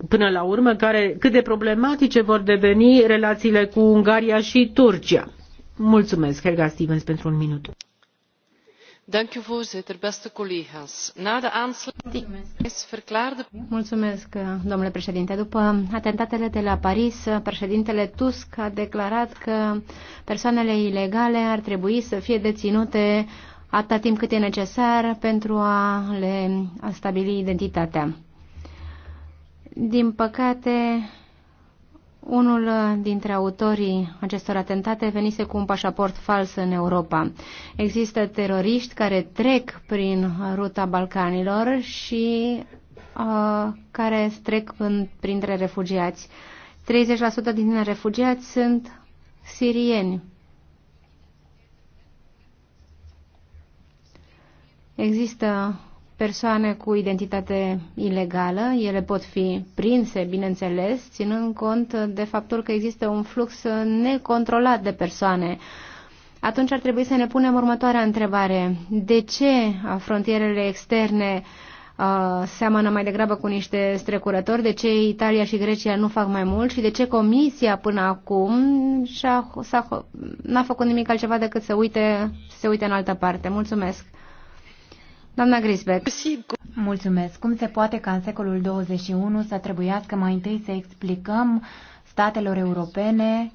până la urmă care, cât de problematice vor deveni relațiile cu Ungaria și Turcia. Mulțumesc, Helga Stevens, pentru un minut. Mulțumesc, domnule președinte după atentatele de la paris președintele tusk a declarat că persoanele ilegale ar trebui să fie deținute atât timp cât e necesar pentru a le stabili identitatea. din păcate unul uh, dintre autorii acestor atentate venise cu un pașaport fals în Europa. Există teroriști care trec prin ruta Balcanilor și uh, care trec în, printre refugiați. 30% din refugiați sunt sirieni. Există persoane cu identitate ilegală. Ele pot fi prinse, bineînțeles, ținând cont de faptul că există un flux necontrolat de persoane. Atunci ar trebui să ne punem următoarea întrebare. De ce frontierele externe uh, seamănă mai degrabă cu niște strecurători? De ce Italia și Grecia nu fac mai mult? Și de ce Comisia până acum n-a făcut nimic altceva decât să uite, să uite în altă parte? Mulțumesc! Doamna Grisbeck. Mulțumesc. Cum se poate ca în secolul 21 să trebuiască mai întâi să explicăm statelor europene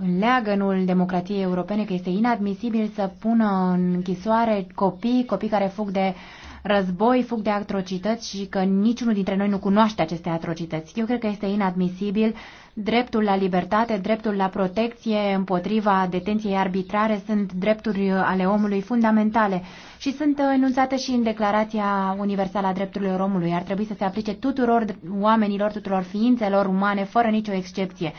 în leagănul democrației europene că este inadmisibil să pună în închisoare copii, copii care fug de război, fug de atrocități și că niciunul dintre noi nu cunoaște aceste atrocități. Eu cred că este inadmisibil Dreptul la libertate, dreptul la protecție împotriva detenției arbitrare sunt drepturi uh, ale omului fundamentale și sunt uh, enunțate și în Declarația Universală a Drepturilor Omului. Ar trebui să se aplice tuturor oamenilor, tuturor ființelor umane, fără nicio excepție.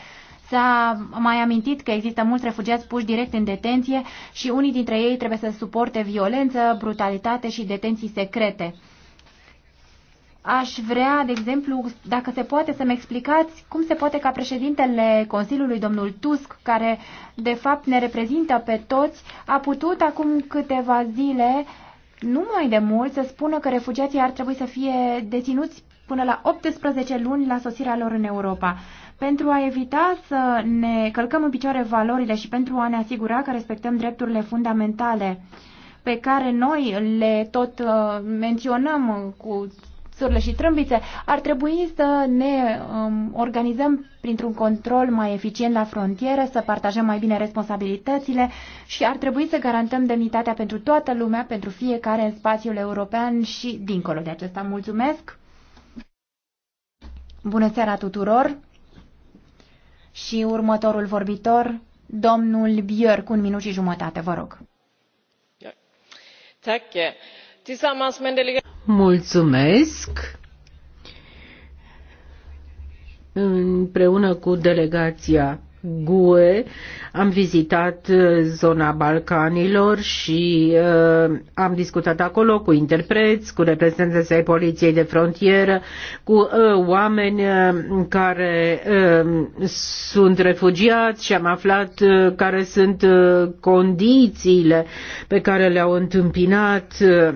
S-a mai amintit că există mulți refugiați puși direct în detenție și unii dintre ei trebuie să suporte violență, brutalitate și detenții secrete. Aș vrea, de exemplu, dacă se poate să-mi explicați cum se poate ca președintele Consiliului, domnul Tusk, care de fapt ne reprezintă pe toți, a putut acum câteva zile, nu mai de mult, să spună că refugiații ar trebui să fie deținuți până la 18 luni la sosirea lor în Europa. Pentru a evita să ne călcăm în picioare valorile și pentru a ne asigura că respectăm drepturile fundamentale pe care noi le tot uh, menționăm cu surle și trâmbițe, ar trebui să ne um, organizăm printr-un control mai eficient la frontieră, să partajăm mai bine responsabilitățile și ar trebui să garantăm demnitatea pentru toată lumea, pentru fiecare în spațiul european și dincolo de acesta. Mulțumesc! Bună seara tuturor! Și următorul vorbitor, domnul Björk, un minut și jumătate, vă rog. Tack. Mulțumesc! Împreună cu delegația GUE am vizitat uh, zona Balcanilor și uh, am discutat acolo cu interpreți, cu reprezentanții ai poliției de frontieră, cu uh, oameni uh, care uh, sunt refugiați și am aflat uh, care sunt uh, condițiile pe care le-au întâmpinat. Uh,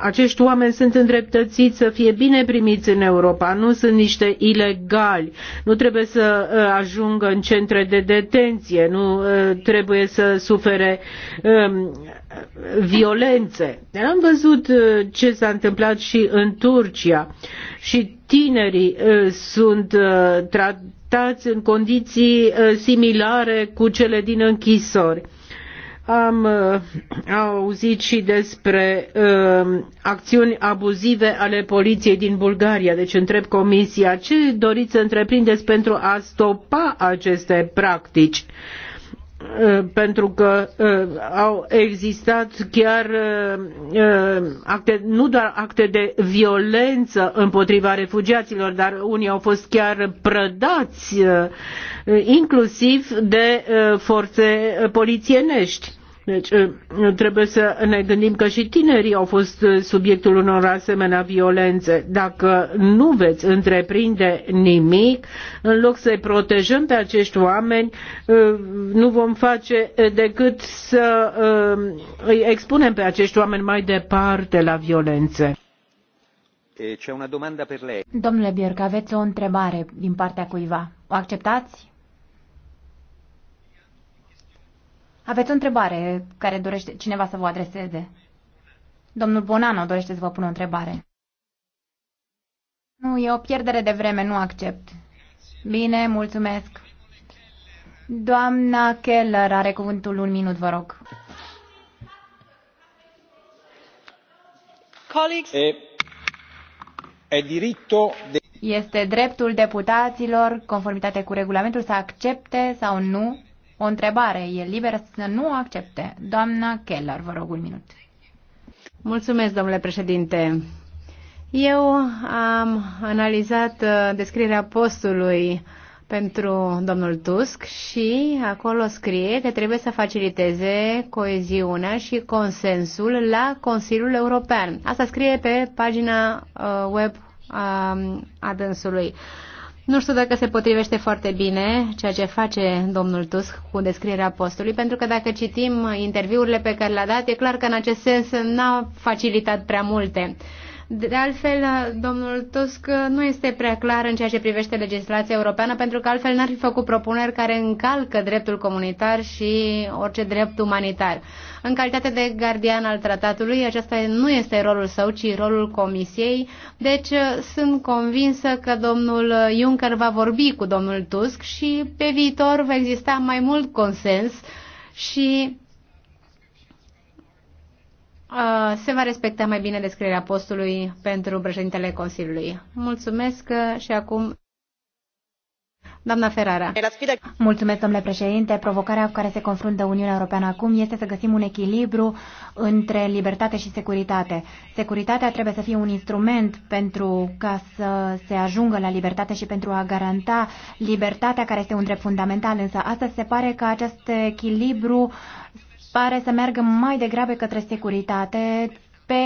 acești oameni sunt îndreptățiți să fie bine primiți în Europa, nu sunt niște ilegali, nu trebuie să uh, ajungă în centre de detenție, nu uh, trebuie să sufere um, violențe. Am văzut uh, ce s-a întâmplat și în Turcia și tinerii sunt tratați în condiții similare cu cele din închisori am uh, auzit și despre uh, acțiuni abuzive ale poliției din Bulgaria. Deci întreb Comisia, ce doriți să întreprindeți pentru a stopa aceste practici? Uh, pentru că uh, au existat chiar acte, nu doar acte de violență împotriva refugiaților, dar unii au fost chiar prădați, inclusiv de forțe polițienești. Deci eh, trebuie să ne gândim că și tinerii au fost eh, subiectul unor asemenea violențe. Dacă nu veți întreprinde nimic, în loc să-i protejăm pe acești oameni, eh, nu vom face decât să îi expunem pe acești oameni mai departe la violențe. Domnule Bierc, aveți o întrebare din partea cuiva. O acceptați? Aveți o întrebare care dorește cineva să vă adreseze? Domnul Bonano dorește să vă pună o întrebare. Nu, e o pierdere de vreme, nu accept. Bine, mulțumesc. Doamna Keller are cuvântul un minut, vă rog. Este dreptul deputaților, conformitate cu regulamentul, să accepte sau nu o întrebare. E liberă să nu accepte. Doamna Keller, vă rog un minut. Mulțumesc, domnule președinte. Eu am analizat uh, descrierea postului pentru domnul Tusk și acolo scrie că trebuie să faciliteze coeziunea și consensul la Consiliul European. Asta scrie pe pagina uh, web um, a dânsului. Nu știu dacă se potrivește foarte bine ceea ce face domnul Tusk cu descrierea postului, pentru că dacă citim interviurile pe care le-a dat, e clar că în acest sens n-a facilitat prea multe. De altfel, domnul Tusk nu este prea clar în ceea ce privește legislația europeană, pentru că altfel n-ar fi făcut propuneri care încalcă dreptul comunitar și orice drept umanitar. În calitate de gardian al tratatului, acesta nu este rolul său, ci rolul Comisiei, deci sunt convinsă că domnul Juncker va vorbi cu domnul Tusk și pe viitor va exista mai mult consens și Uh, se va respecta mai bine descrierea postului pentru președintele Consiliului. Mulțumesc uh, și acum Doamna Ferrara. Mulțumesc, domnule președinte. Provocarea cu care se confruntă Uniunea Europeană acum este să găsim un echilibru între libertate și securitate. Securitatea trebuie să fie un instrument pentru ca să se ajungă la libertate și pentru a garanta libertatea care este un drept fundamental, însă astăzi se pare că acest echilibru pare să meargă mai degrabă către securitate pe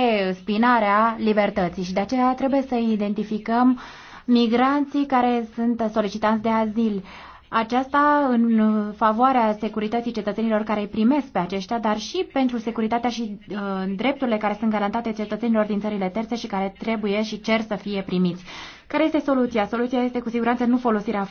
spinarea libertății și de aceea trebuie să identificăm migranții care sunt solicitanți de azil. Aceasta în favoarea securității cetățenilor care îi primesc pe aceștia, dar și pentru securitatea și uh, drepturile care sunt garantate cetățenilor din țările terțe și care trebuie și cer să fie primiți. Care este soluția? Soluția este cu siguranță nu folosirea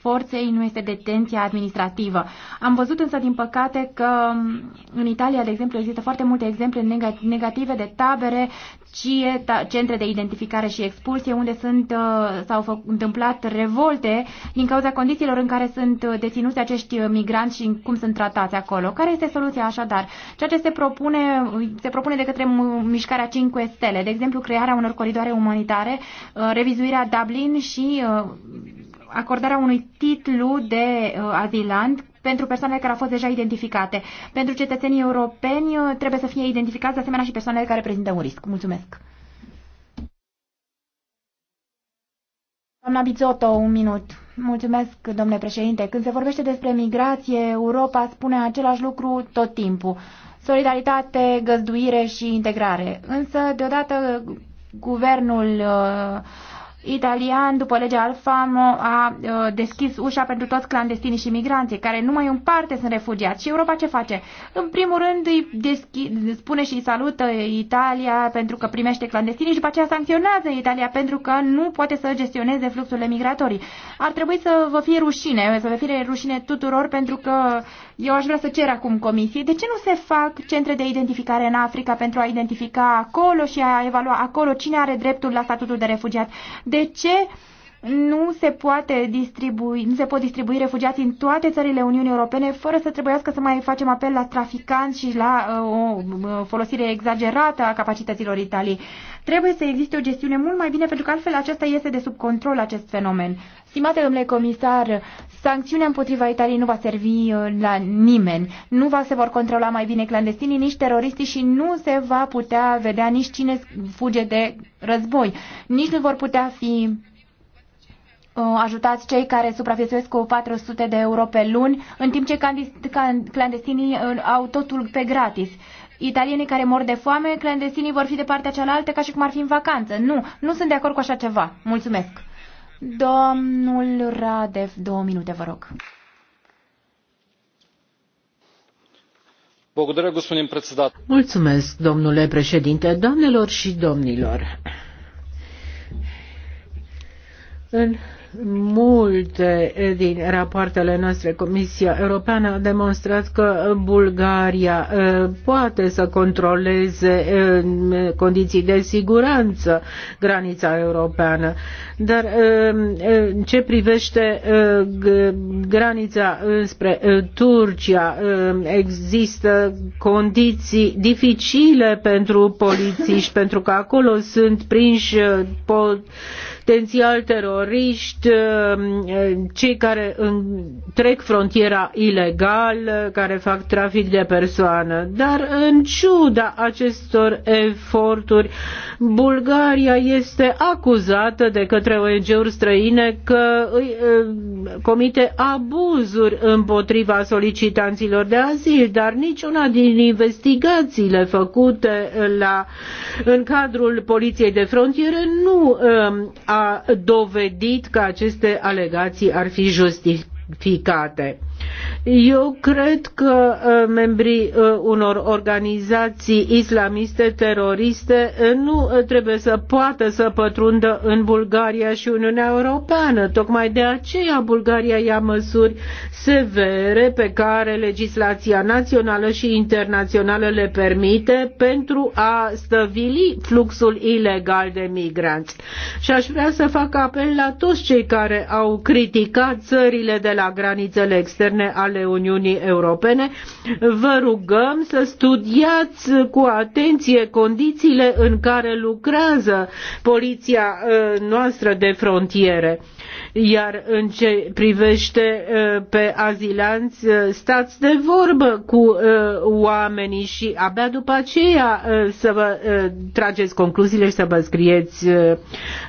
forței, nu este detenția administrativă. Am văzut însă, din păcate, că mm, în Italia, de exemplu, există foarte multe exemple negative de tabere, cie, ta, centre de identificare și expulsie, unde sunt, uh, s-au întâmplat revolte din cauza condițiilor în care sunt uh, deținuți acești uh, migranți și cum sunt tratați acolo. Care este soluția așadar? Ceea ce se propune, se propune de către mm, mișcarea 5 stele, de exemplu, crearea unor coridoare umanitare, revizuirea instituirea Dublin și uh, acordarea unui titlu de uh, azilant pentru persoanele care au fost deja identificate. Pentru cetățenii europeni uh, trebuie să fie identificați de asemenea și persoanele care prezintă un risc. Mulțumesc! Doamna Bizotto, un minut. Mulțumesc, domnule președinte. Când se vorbește despre migrație, Europa spune același lucru tot timpul. Solidaritate, găzduire și integrare. Însă, deodată, guvernul uh, italian, după legea Alfamo, a uh, deschis ușa pentru toți clandestinii și migranții, care numai în parte sunt refugiați. Și Europa ce face? În primul rând îi deschide, spune și îi salută Italia pentru că primește clandestinii și după aceea sancționează Italia pentru că nu poate să gestioneze fluxurile migratorii. Ar trebui să vă fie rușine, să vă fie rușine tuturor pentru că eu aș vrea să cer acum comisiei de ce nu se fac centre de identificare în Africa pentru a identifica acolo și a evalua acolo cine are dreptul la statutul de refugiat. De ce nu se, poate distribui, nu se pot distribui refugiații în toate țările Uniunii Europene fără să trebuiască să mai facem apel la traficanți și la uh, o uh, folosire exagerată a capacităților Italiei. Trebuie să existe o gestiune mult mai bine, pentru că altfel acesta este de sub control acest fenomen. Stimate domnule comisar, Sancțiunea împotriva Italiei nu va servi uh, la nimeni. Nu va se vor controla mai bine clandestinii, nici teroriștii și nu se va putea vedea nici cine fuge de război. Nici nu vor putea fi uh, ajutați cei care supraviețuiesc cu 400 de euro pe luni, în timp ce clandestinii uh, au totul pe gratis. Italienii care mor de foame, clandestinii vor fi de partea cealaltă ca și cum ar fi în vacanță. Nu, nu sunt de acord cu așa ceva. Mulțumesc! Domnul Radev, două minute, vă rog. Mulțumesc, domnule președinte, doamnelor și domnilor. În multe din rapoartele noastre, Comisia Europeană a demonstrat că Bulgaria poate să controleze în condiții de siguranță granița europeană. Dar în ce privește granița înspre Turcia, există condiții dificile pentru polițiști, pentru că acolo sunt prinși potențial teroriști, um, cei care trec frontiera ilegal, care fac trafic de persoană. Dar în ciuda acestor eforturi, Bulgaria este acuzată de către ONG-uri străine că îi um, comite abuzuri împotriva solicitanților de azil, dar niciuna din investigațiile făcute la, în cadrul Poliției de Frontiere nu um, a a dovedit că aceste alegații ar fi justificate. Eu cred că uh, membrii uh, unor organizații islamiste teroriste uh, nu trebuie să poată să pătrundă în Bulgaria și Uniunea Europeană. Tocmai de aceea Bulgaria ia măsuri severe pe care legislația națională și internațională le permite pentru a stăvili fluxul ilegal de migranți. Și aș vrea să fac apel la toți cei care au criticat țările de la granițele externe interne ale Uniunii Europene, vă rugăm să studiați cu atenție condițiile în care lucrează poliția uh, noastră de frontiere iar în ce privește uh, pe azilanți, uh, stați de vorbă cu uh, oamenii și abia după aceea să vă trageți concluziile și să vă scrieți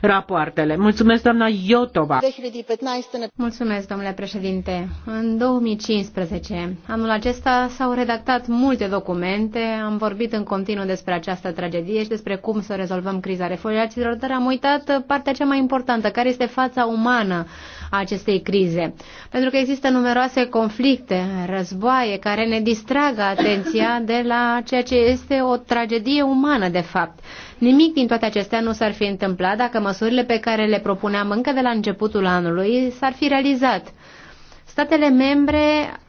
rapoartele. Mulțumesc, doamna Iotova. Mulțumesc, domnule președinte. În 2015, anul acesta, s-au redactat multe documente, am vorbit în continuu despre această tragedie și despre cum să rezolvăm criza refugiaților, dar am uitat partea cea mai importantă, care este fața umană a acestei crize. Pentru că există numeroase conflicte, războaie care ne distragă atenția de la ceea ce este o tragedie umană, de fapt. Nimic din toate acestea nu s-ar fi întâmplat dacă măsurile pe care le propuneam încă de la începutul anului s-ar fi realizat statele membre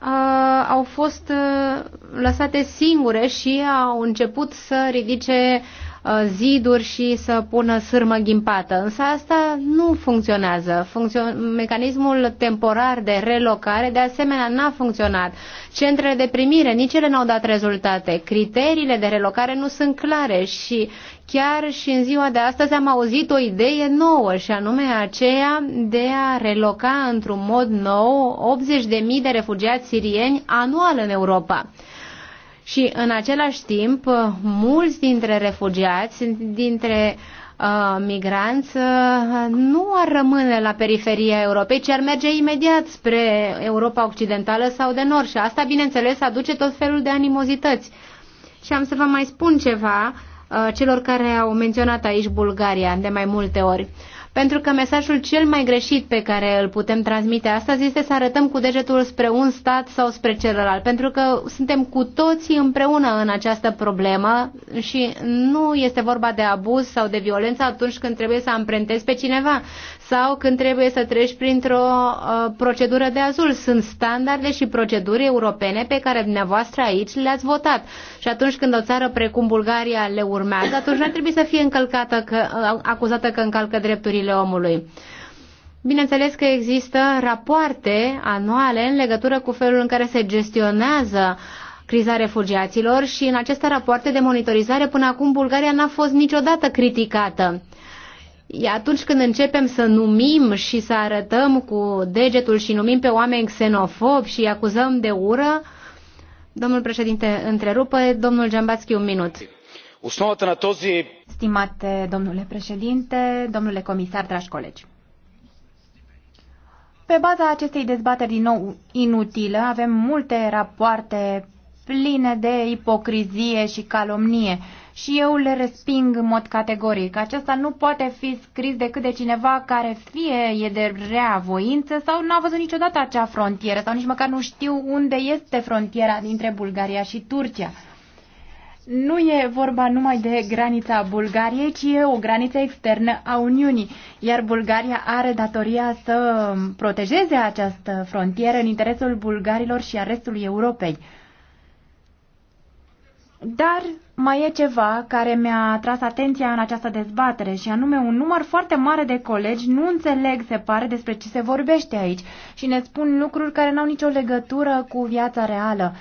uh, au fost uh, lăsate singure și au început să ridice Uh, ziduri și să pună sârmă ghimpată. Însă asta nu funcționează. Funcțion- mecanismul temporar de relocare de asemenea n-a funcționat. Centrele de primire, nici ele n-au dat rezultate. Criteriile de relocare nu sunt clare și chiar și în ziua de astăzi am auzit o idee nouă și anume aceea de a reloca într-un mod nou 80.000 de refugiați sirieni anual în Europa. Și în același timp, uh, mulți dintre refugiați, dintre uh, migranți, uh, nu ar rămâne la periferia Europei, ci ar merge imediat spre Europa Occidentală sau de Nord. Și asta, bineînțeles, aduce tot felul de animozități. Și am să vă mai spun ceva uh, celor care au menționat aici Bulgaria de mai multe ori. Pentru că mesajul cel mai greșit pe care îl putem transmite astăzi este să arătăm cu degetul spre un stat sau spre celălalt, pentru că suntem cu toții împreună în această problemă și nu este vorba de abuz sau de violență atunci când trebuie să amprentezi pe cineva sau când trebuie să treci printr-o uh, procedură de azul. Sunt standarde și proceduri europene pe care dumneavoastră aici le-ați votat. Și atunci când o țară precum Bulgaria le urmează, atunci nu ar trebui să fie încălcată că, uh, acuzată că încalcă drepturile omului. Bineînțeles că există rapoarte anuale în legătură cu felul în care se gestionează criza refugiaților și în aceste rapoarte de monitorizare până acum Bulgaria n-a fost niciodată criticată atunci când începem să numim și să arătăm cu degetul și numim pe oameni xenofobi și acuzăm de ură, domnul președinte întrerupă, domnul Giambatski un minut. Stimate domnule președinte, domnule comisar, dragi colegi. Pe baza acestei dezbateri din nou inutile, avem multe rapoarte pline de ipocrizie și calomnie și eu le resping în mod categoric. Acesta nu poate fi scris decât de cineva care fie e de rea voință sau nu a văzut niciodată acea frontieră sau nici măcar nu știu unde este frontiera dintre Bulgaria și Turcia. Nu e vorba numai de granița Bulgariei, ci e o graniță externă a Uniunii, iar Bulgaria are datoria să protejeze această frontieră în interesul bulgarilor și a restului Europei. Dar mai e ceva care mi-a tras atenția în această dezbatere și anume un număr foarte mare de colegi nu înțeleg, se pare, despre ce se vorbește aici și ne spun lucruri care n-au nicio legătură cu viața reală.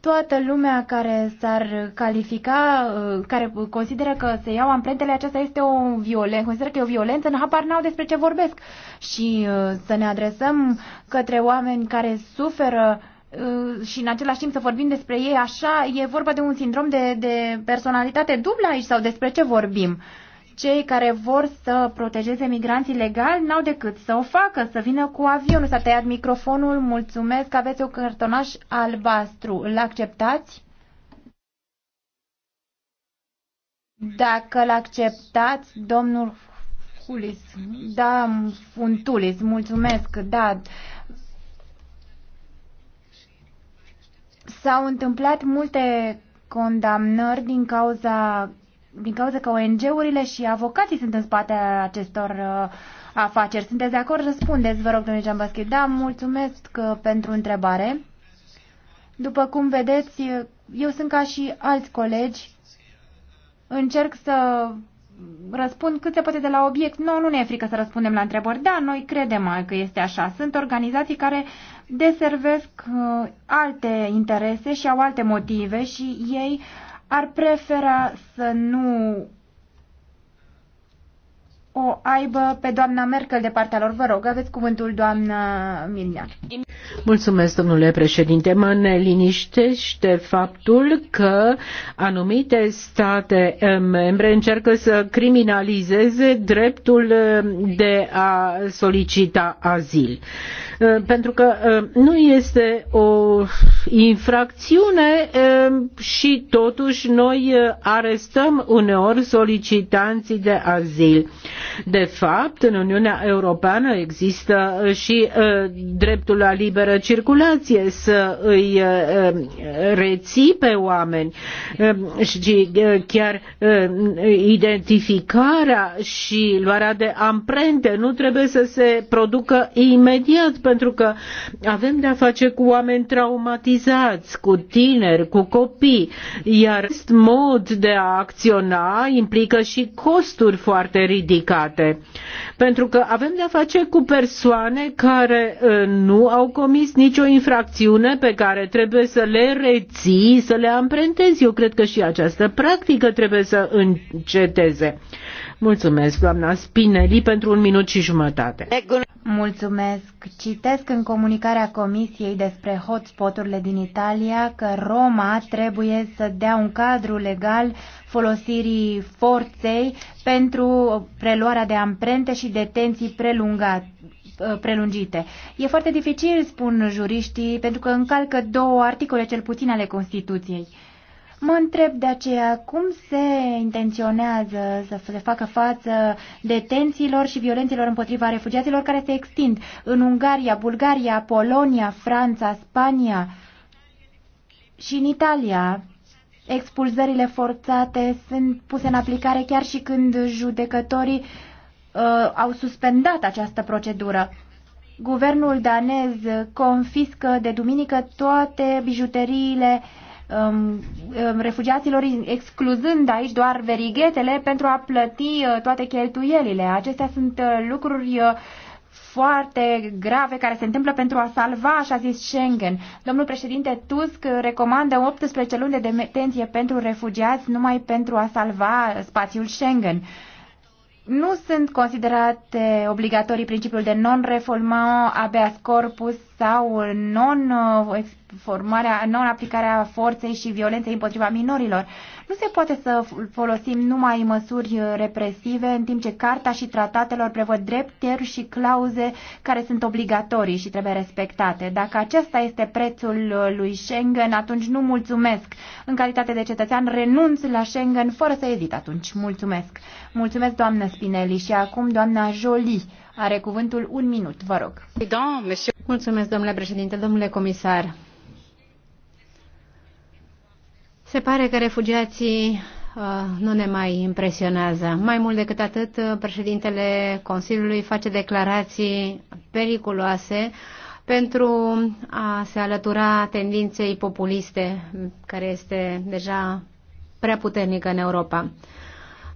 Toată lumea care s-ar califica, uh, care consideră că se iau amprentele, aceasta este o violență, consideră că e o violență, în habar n-au despre ce vorbesc. Și uh, să ne adresăm către oameni care suferă uh, Uh, și în același timp să vorbim despre ei așa, e vorba de un sindrom de, de personalitate dublă aici sau despre ce vorbim? Cei care vor să protejeze migranții legal n-au decât să o facă, să vină cu avionul. S-a tăiat microfonul, mulțumesc, aveți un cartonaș albastru. Îl acceptați? Dacă îl acceptați, domnul Hulis, da, Funtulis, mulțumesc, da, uh, S-au întâmplat multe condamnări din cauza, din cauza că ONG-urile și avocații sunt în spatele acestor uh, afaceri. Sunteți de acord? Răspundeți, vă rog, domnule jambaschi. Da, mulțumesc că uh, pentru întrebare. După cum vedeți, uh, eu sunt ca și alți colegi. Încerc să răspund cât se poate de la obiect. Nu, nu ne e frică să răspundem la întrebări. Da, noi credem că este așa. Sunt organizații care deservesc uh, alte interese și au alte motive și ei ar prefera să nu o aibă pe doamna Merkel de partea lor. Vă rog, aveți cuvântul doamna Milner. Mulțumesc, domnule președinte. Mă neliniștește faptul că anumite state eh, membre încearcă să criminalizeze dreptul eh, de a solicita azil. Eh, pentru că nu este o infracțiune și totuși noi arestăm uneori solicitanții de azil. De fapt, în Uniunea Europeană există uh, și uh, dreptul la liberă circulație, să îi uh, reții pe oameni um, și chiar identificarea și luarea de amprente nu trebuie să se producă imediat, pentru că avem de-a face cu oameni traumatizați, cu tineri, cu copii, iar acest mod de a acționa implică și costuri foarte ridicate implicate. Pentru că avem de-a face cu persoane care uh, nu au comis nicio infracțiune pe care trebuie să le reții, să le amprentezi. Eu cred că și această practică trebuie să înceteze. Mulțumesc, doamna Spinelli, pentru un minut și jumătate. Mulțumesc. Citesc în comunicarea Comisiei despre hotspoturile din Italia că Roma trebuie să dea un cadru legal folosirii forței pentru preluarea de amprente și detenții prelungate prelungite. E foarte dificil, spun juriștii, pentru că încalcă două articole cel puțin ale Constituției. Mă întreb de aceea cum se intenționează să se facă față detențiilor și violențelor împotriva refugiaților care se extind în Ungaria, Bulgaria, Polonia, Franța, Spania și în Italia. Expulzările forțate sunt puse în aplicare chiar și când judecătorii uh, au suspendat această procedură. Guvernul danez confiscă de duminică toate bijuteriile uh, Um, um, refugiaților, excluzând aici doar verighetele pentru a plăti uh, toate cheltuielile. Acestea sunt uh, lucruri uh, foarte grave care se întâmplă pentru a salva, așa zis, Schengen. Domnul președinte Tusk recomandă 18 luni de detenție pentru refugiați numai pentru a salva spațiul Schengen. Uh, nu sunt considerate obligatorii principiul de non-reforma habeas corpus sau non-aplicarea non, non forței și violenței împotriva minorilor. Nu se poate să folosim numai măsuri represive, în timp ce carta și tratatelor prevăd drepturi și clauze care sunt obligatorii și trebuie respectate. Dacă acesta este prețul lui Schengen, atunci nu mulțumesc. În calitate de cetățean renunț la Schengen fără să ezit atunci. Mulțumesc. Mulțumesc, doamnă Spinelli. Și acum, doamna Jolie are cuvântul un minut. Vă rog. Mulțumesc, domnule președinte, domnule comisar se pare că refugiații uh, nu ne mai impresionează. Mai mult decât atât, uh, președintele Consiliului face declarații periculoase pentru a se alătura tendinței populiste care este deja prea puternică în Europa.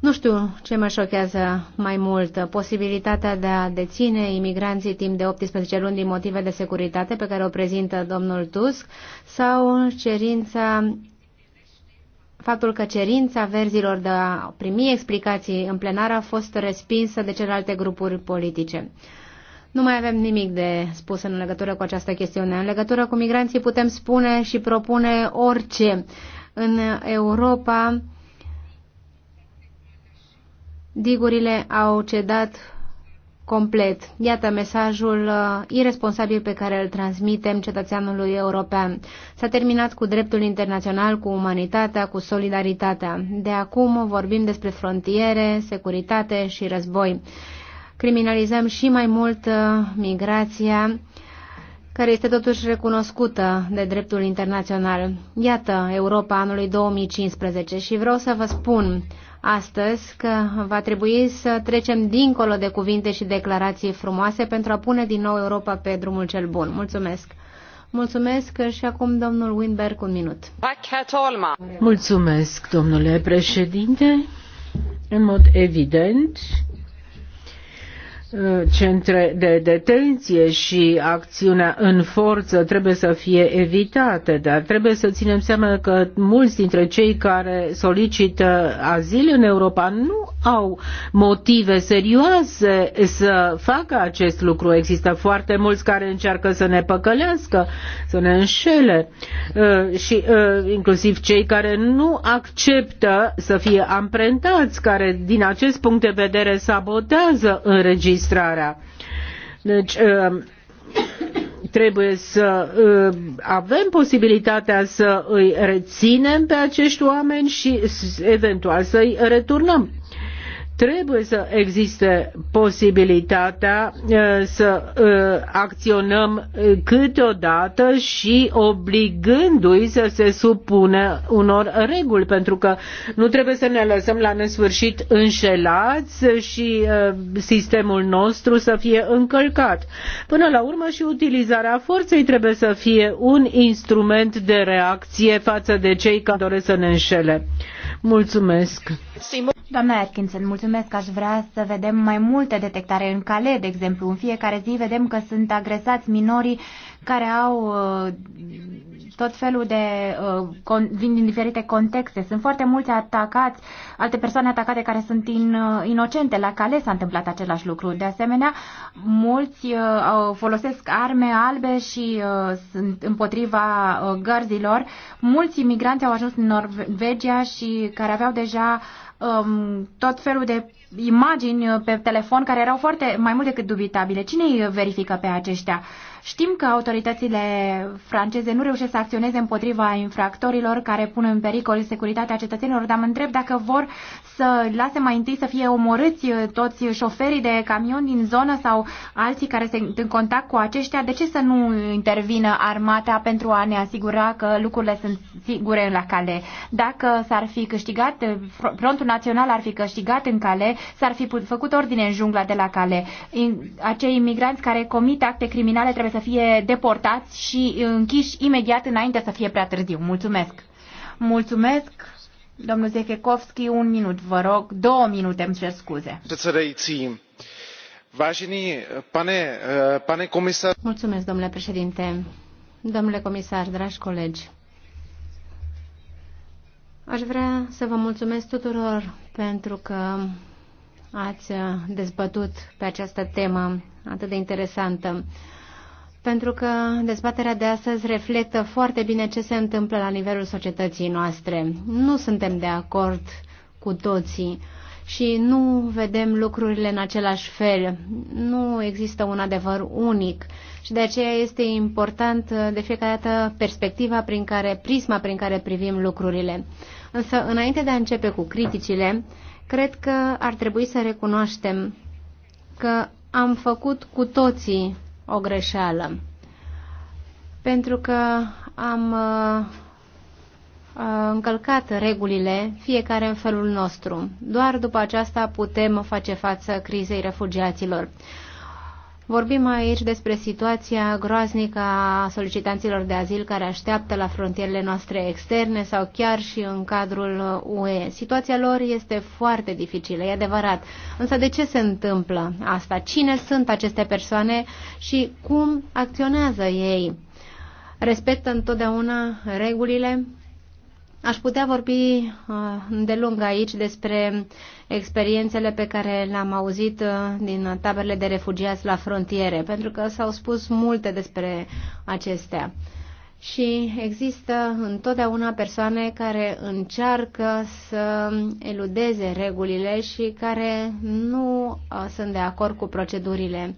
Nu știu ce mă șochează mai mult, posibilitatea de a deține imigranții timp de 18 luni din motive de securitate pe care o prezintă domnul Tusk sau cerința faptul că cerința verzilor de a primi explicații în plenar a fost respinsă de celelalte grupuri politice. Nu mai avem nimic de spus în legătură cu această chestiune. În legătură cu migranții putem spune și propune orice. În Europa, digurile au cedat complet. Iată mesajul uh, irresponsabil pe care îl transmitem cetățeanului european. S-a terminat cu dreptul internațional, cu umanitatea, cu solidaritatea. De acum vorbim despre frontiere, securitate și război. Criminalizăm și mai mult uh, migrația, care este totuși recunoscută de dreptul internațional. Iată Europa anului 2015 și vreau să vă spun, astăzi că va trebui să trecem dincolo de cuvinte și declarații frumoase pentru a pune din nou Europa pe drumul cel bun. Mulțumesc! Mulțumesc și acum domnul Winberg un minut. Mulțumesc, domnule președinte. În mod evident, Eh, centre de detenție și acțiunea în forță trebuie să fie evitate, dar trebuie să ținem seama că mulți dintre cei care solicită azil în Europa nu au motive serioase să facă acest lucru. Există foarte mulți care încearcă să ne păcălească, să ne înșele eh, și eh, inclusiv cei care nu acceptă să fie amprentați, care din acest punct de vedere sabotează înregistrarea înregistrarea. Deci, ă, trebuie să ă, avem posibilitatea să îi reținem pe acești oameni și eventual să îi returnăm. Trebuie să existe posibilitatea să acționăm câteodată și obligându-i să se supună unor reguli, pentru că nu trebuie să ne lăsăm la nesfârșit înșelați și sistemul nostru să fie încălcat. Până la urmă și utilizarea forței trebuie să fie un instrument de reacție față de cei care doresc să ne înșele. Mulțumesc! Doamna Atkinson, mulțumesc! mulțumesc. Aș vrea să vedem mai multe detectare în cale, de exemplu. În fiecare zi vedem că sunt agresați minorii care au uh, tot felul de... Uh, vin din diferite contexte. Sunt foarte mulți atacați, alte persoane atacate care sunt in, uh, inocente. La cale s-a întâmplat același lucru. De asemenea, mulți folosesc arme albe și sunt împotriva gărzilor. Mulți imigranți au ajuns în Norvegia și care aveau deja um, tot felul de imagini pe telefon care erau foarte mai mult decât dubitabile. Cine îi verifică pe aceștia? Știm că autoritățile franceze nu reușesc să acționeze împotriva infractorilor care pun în pericol securitatea cetățenilor, dar mă întreb dacă vor să lase mai întâi să fie omorâți uh, toți șoferii de camion din zonă sau alții care sunt în contact cu aceștia. De ce să nu intervină armata pentru a ne asigura că lucrurile sunt sigure la cale? Dacă s-ar fi câștigat, uh, frontul național ar fi câștigat în cale, s-ar fi făcut ordine în jungla de la cale. Acei imigranți care comit acte criminale trebuie să fie deportați și închiși imediat înainte să fie prea târziu. Mulțumesc! Mulțumesc! Domnul Zekekovski, un minut, vă rog, două minute, îmi cer scuze. Vážený pane, pane comisar. Mulțumesc, domnule președinte. Domnule comisar, dragi colegi, aș vrea să vă mulțumesc tuturor pentru că ați dezbătut pe această temă atât de interesantă pentru că dezbaterea de astăzi reflectă foarte bine ce se întâmplă la nivelul societății noastre. Nu suntem de acord cu toții și nu vedem lucrurile în același fel. Nu există un adevăr unic și de aceea este important de fiecare dată perspectiva prin care, prisma prin care privim lucrurile. Însă, înainte de a începe cu criticile, cred că ar trebui să recunoaștem că am făcut cu toții o greșeală. Pentru că am uh, uh, încălcat regulile, fiecare în felul nostru. Doar după aceasta putem face față crizei refugiaților. Vorbim aici despre situația groaznică a solicitanților de azil care așteaptă la frontierele noastre externe sau chiar și în cadrul UE. Situația lor este foarte dificilă, e adevărat. Însă de ce se întâmplă asta? Cine sunt aceste persoane și cum acționează ei? Respectă întotdeauna regulile? Aș putea vorbi uh, de lung aici despre experiențele pe care le-am auzit uh, din taberele de refugiați la frontiere, pentru că s-au spus multe despre acestea. Și există întotdeauna persoane care încearcă să eludeze regulile și care nu uh, sunt de acord cu procedurile.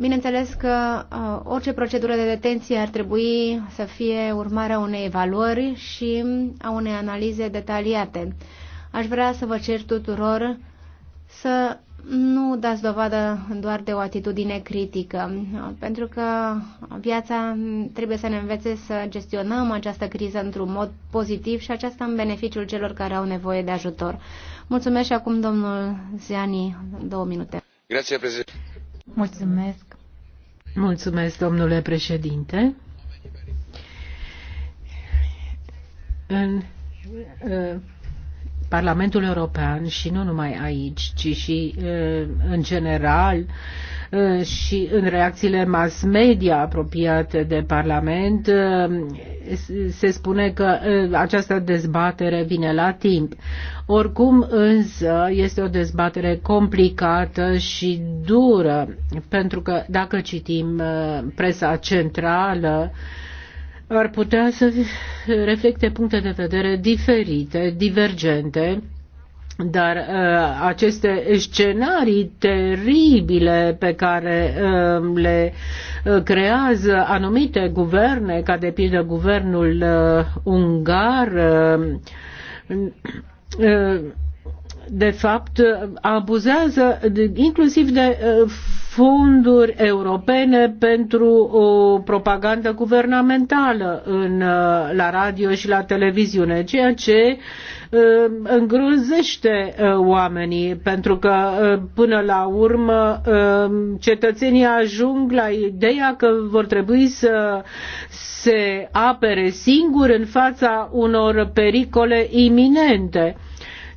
Bineînțeles că uh, orice procedură de detenție ar trebui să fie urmarea unei evaluări și a unei analize detaliate. Aș vrea să vă cer tuturor să nu dați dovadă doar de o atitudine critică, uh, pentru că viața mm, trebuie să ne învețe să gestionăm această criză într-un mod pozitiv și aceasta în beneficiul celor care au nevoie de ajutor. Mulțumesc și acum domnul Ziani, două minute. Grazie, Mulțumesc, Mulțumesc, domnule președinte. În uh, Parlamentul European și nu numai aici, ci și uh, în general Eh, și în reacțiile mass media apropiate de Parlament eh, se spune că eh, această dezbatere vine la timp. Oricum însă este o dezbatere complicată și dură, pentru că dacă citim presa centrală, ar putea să reflecte puncte de vedere diferite, divergente, dar uh, aceste scenarii teribile pe care um, uh, le creează anumite guverne, ca de pildă guvernul uh, ungar, um, uh, uh, de fapt, abuzează inclusiv de uh, fonduri europene pentru o uh, propagandă guvernamentală în, uh, la radio și la televiziune, ceea ce îngrozește oamenii, pentru că până la urmă cetățenii ajung la ideea că vor trebui să se apere singuri în fața unor pericole iminente.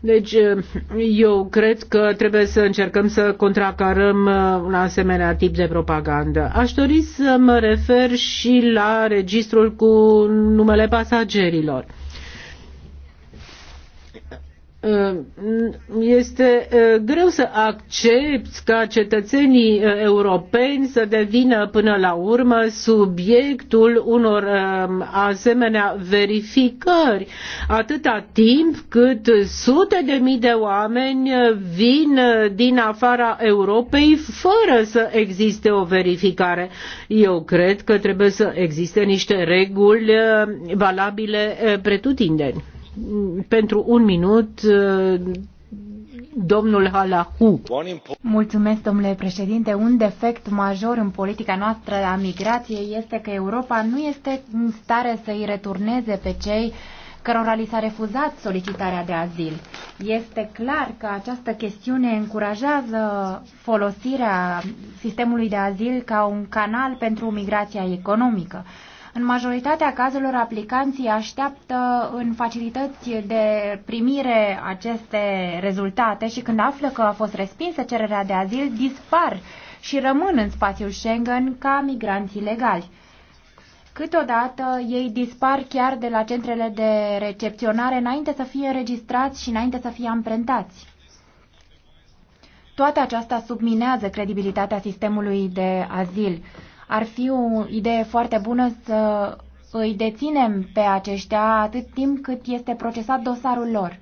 Deci eu cred că trebuie să încercăm să contracarăm uh, un asemenea tip de propagandă. Aș dori să mă refer și la registrul cu numele pasagerilor. Ehm, este ehm, greu să accepti ca cetățenii ehm, europeni să devină până la urmă subiectul unor asemenea verificări, atâta timp cât sute de mii de oameni vin din afara Europei fără să existe o verificare. Eu cred că trebuie să existe niște reguli valabile pretutindeni pentru un minut uh, domnul Halahu. Mulțumesc, domnule președinte. Un defect major în politica noastră a migrației este că Europa nu este în stare să îi returneze pe cei cărora li s-a refuzat solicitarea de azil. Este clar că această chestiune încurajează folosirea sistemului de azil ca un canal pentru migrația economică. În majoritatea cazurilor, aplicanții așteaptă în facilități de primire aceste rezultate și când află că a fost respinsă cererea de azil, dispar și rămân în spațiul Schengen ca migranți ilegali. Câteodată ei dispar chiar de la centrele de recepționare înainte să fie înregistrați și înainte să fie amprentați. Toate aceasta subminează credibilitatea sistemului de azil ar fi o idee foarte bună să îi deținem pe aceștia atât timp cât este procesat dosarul lor.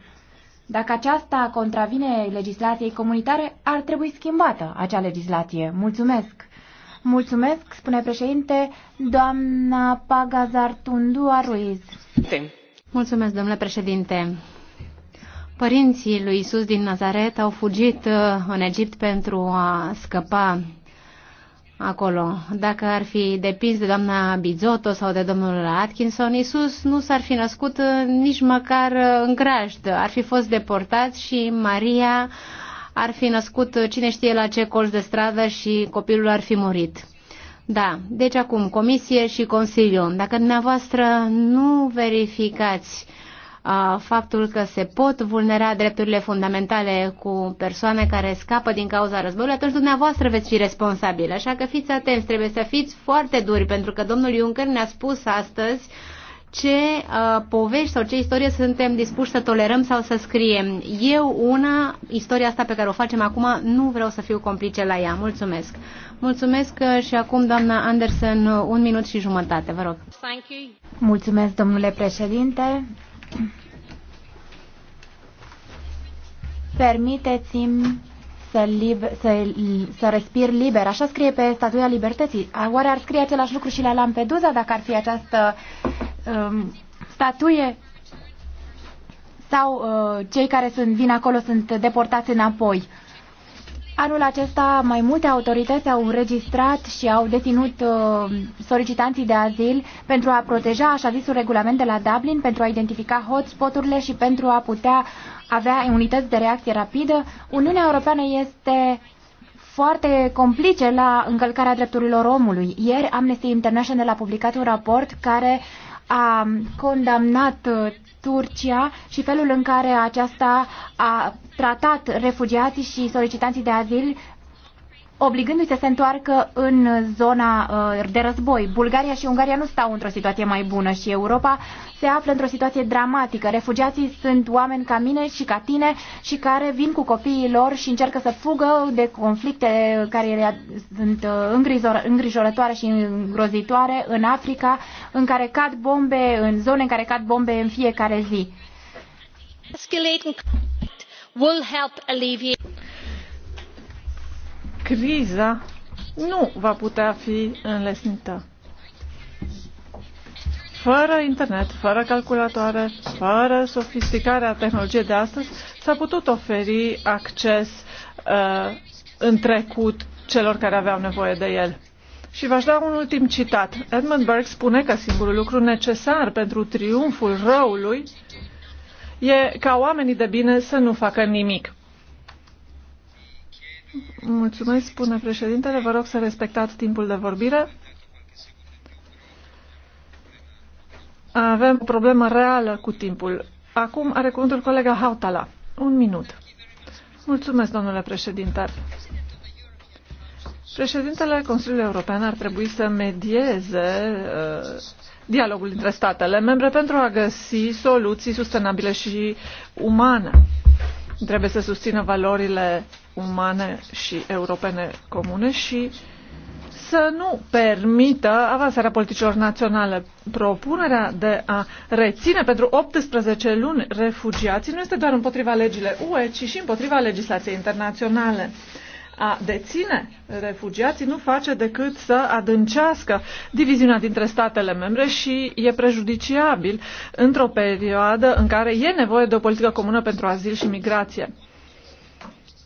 Dacă aceasta contravine legislației comunitare, ar trebui schimbată acea legislație. Mulțumesc! Mulțumesc, spune președinte, doamna Pagazar Tundua Ruiz. Mulțumesc, domnule președinte. Părinții lui Isus din Nazaret au fugit uh, în Egipt pentru a scăpa acolo. Dacă ar fi depins de doamna Bizotto sau de domnul Atkinson, Isus nu s-ar fi născut uh, nici măcar uh, în grajd. Ar fi fost deportat și Maria ar fi născut uh, cine știe la ce colț de stradă și copilul ar fi murit. Da, deci acum, Comisie și Consiliu, dacă dumneavoastră nu verificați uh, faptul că se pot vulnera drepturile fundamentale cu persoane care scapă din cauza războiului, atunci dumneavoastră veți fi responsabili. Așa că fiți atenți, trebuie să fiți foarte duri, pentru că domnul Juncker ne-a spus astăzi ce uh, povești sau ce istorie suntem dispuși să tolerăm sau să scriem. Eu una, istoria asta pe care o facem acum, nu vreau să fiu complice la ea. Mulțumesc. Mulțumesc uh, și acum, doamna Anderson, un minut și jumătate, vă rog. Thank you. Mulțumesc, domnule președinte. Permiteți-mi să, lib- să, să respir liber. Așa scrie pe Statuia Libertății. Oare ar scrie același lucru și la Lampedusa dacă ar fi această um, statuie? Sau uh, cei care sunt, vin acolo sunt deportați înapoi? Anul acesta mai multe autorități au înregistrat și au deținut uh, solicitanții de azil pentru a proteja așa zisul regulament de la Dublin, pentru a identifica hotspoturile și pentru a putea avea unități de reacție rapidă, Uniunea Europeană este foarte complice la încălcarea drepturilor omului. Ieri Amnesty International a publicat un raport care a condamnat uh, Turcia și felul în care aceasta a tratat refugiații și solicitanții de azil obligându-i să se întoarcă în zona uh, de război. Bulgaria și Ungaria nu stau într-o situație mai bună și Europa se află într-o situație dramatică. Refugiații sunt oameni ca mine și ca tine și care vin cu copiii lor și încearcă să fugă de conflicte care sunt uh, îngrijorătoare și îngrozitoare în Africa, în care cad bombe, în zone în care cad bombe în fiecare zi criza nu va putea fi înlesnită. Fără internet, fără calculatoare, fără sofisticarea tehnologiei de astăzi, s-a putut oferi acces uh, în trecut celor care aveau nevoie de el. Și v-aș da un ultim citat. Edmund Burke spune că singurul lucru necesar pentru triumful răului e ca oamenii de bine să nu facă nimic. Mulțumesc, spune președintele. Vă rog să respectați timpul de vorbire. Avem o problemă reală cu timpul. Acum are cuvântul colega Hautala. Un minut. Mulțumesc, domnule președinte. Președintele Consiliului European ar trebui să medieze uh, dialogul dintre statele membre pentru a găsi soluții sustenabile și umane. Trebuie să susțină valorile umane și europene comune și să nu permită avansarea politicilor naționale. Propunerea de a reține pentru 18 luni refugiații nu este doar împotriva legile UE, ci și împotriva legislației internaționale. A deține refugiații nu face decât să adâncească diviziunea dintre statele membre și e prejudiciabil într-o perioadă în care e nevoie de o politică comună pentru azil și migrație.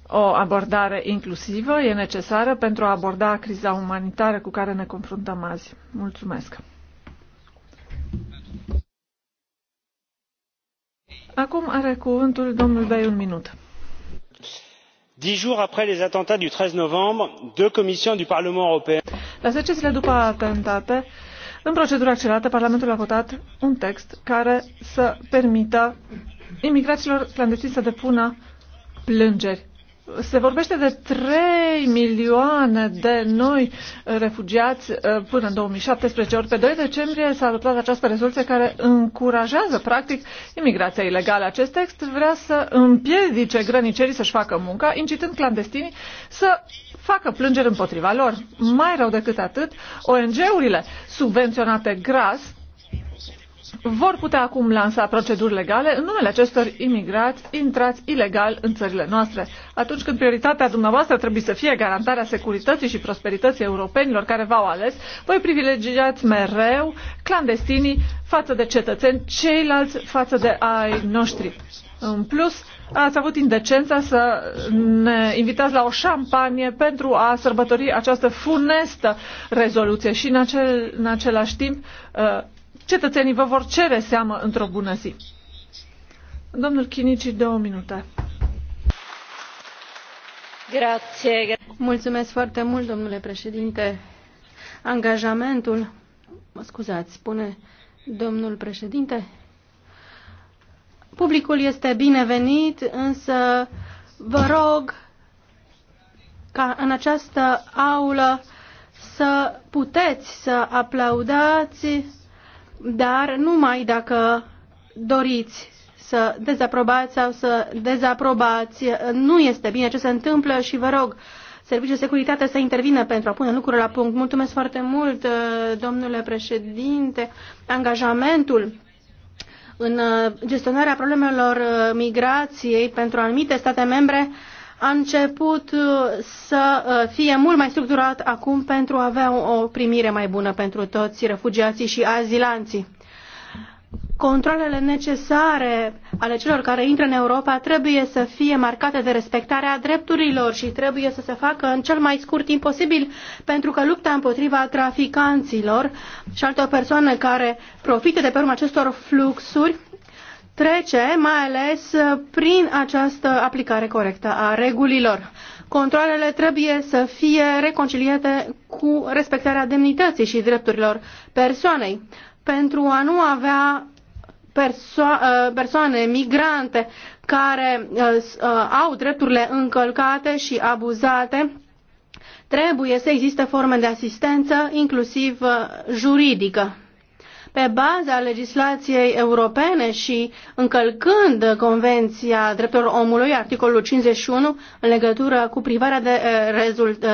O abordare inclusivă e necesară pentru a aborda criza umanitară cu care ne confruntăm azi. Mulțumesc! Acum are cuvântul domnul Bei un minut. Dix jours après les attentats du 13 novembre, deux commissions du Parlement européen. La 10 zile după atentate, în procedura accelerată, Parlamentul a votat un text care să permită imigraților clandestini să depună plângeri se vorbește de 3 milioane de noi refugiați uh, până în 2017, ori pe 2 decembrie s-a adoptat această rezoluție care încurajează, practic, imigrația ilegală. Acest text vrea să împiedice grănicerii să-și facă munca, incitând clandestinii să facă plângeri împotriva lor. Mai rău decât atât, ONG-urile subvenționate gras vor putea acum lansa proceduri legale în numele acestor imigrați intrați ilegal în țările noastre. Atunci când prioritatea dumneavoastră trebuie să fie garantarea securității și prosperității europenilor care v-au ales, voi privilegiați mereu clandestinii față de cetățeni, ceilalți față de ai noștri. În plus, ați avut indecența să ne invitați la o șampanie pentru a sărbători această funestă rezoluție și în, acel, în același timp uh, cetățenii vă vor cere seamă într-o bună zi. Domnul Chinici, două minute. Grazie. Mulțumesc foarte mult, domnule președinte. Angajamentul, mă scuzați, spune domnul președinte, publicul este binevenit, însă vă rog ca în această aulă să puteți să aplaudați dar numai dacă doriți să dezaprobați sau să dezaprobați. Nu este bine ce se întâmplă și vă rog Serviciul Securitate să intervină pentru a pune lucrurile la punct. Mulțumesc foarte mult, domnule președinte. Angajamentul în gestionarea problemelor migrației pentru anumite state membre a început uh, să uh, fie mult mai structurat acum pentru a avea o primire mai bună pentru toți refugiații și azilanții. Controlele necesare ale celor care intră în Europa trebuie să fie marcate de respectarea drepturilor și trebuie să se facă în cel mai scurt timp posibil, pentru că lupta împotriva traficanților și altor persoane care profită de pe urma acestor fluxuri trece mai ales uh, prin această aplicare corectă a regulilor. Controlele trebuie să fie reconciliate cu respectarea demnității și drepturilor persoanei pentru a nu avea perso- uh, persoane migrante care uh, au drepturile încălcate și abuzate trebuie să existe forme de asistență, inclusiv juridică pe baza legislației europene și încălcând Convenția Drepturilor Omului, articolul 51, în legătură cu privarea de eh, rezult, eh,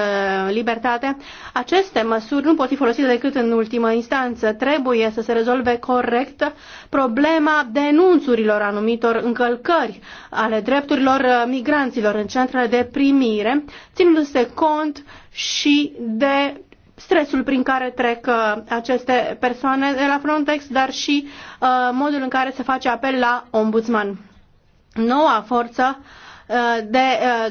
libertate, aceste măsuri nu pot fi folosite decât în ultimă instanță. Trebuie să se rezolve corect problema denunțurilor anumitor încălcări ale drepturilor eh, migranților în centrele de primire, ținându-se cont și de stresul prin care trec uh, aceste persoane de la Frontex, dar și uh, modul în care se face apel la ombudsman. Noua forță uh, de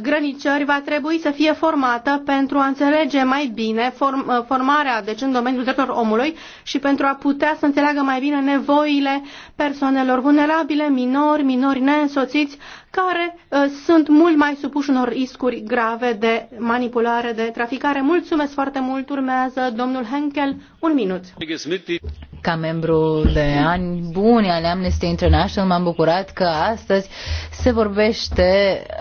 grănicări va trebui să fie formată pentru a înțelege mai bine form, formarea, deci în domeniul drepturilor omului și pentru a putea să înțeleagă mai bine nevoile persoanelor vulnerabile, minori, minori neînsoțiți, care uh, sunt mult mai supuși unor riscuri grave de manipulare, de traficare. Mulțumesc foarte mult. Urmează domnul Henkel. Un minut. Ca membru de ani buni ale Amnesty International, m-am bucurat că astăzi se vorbește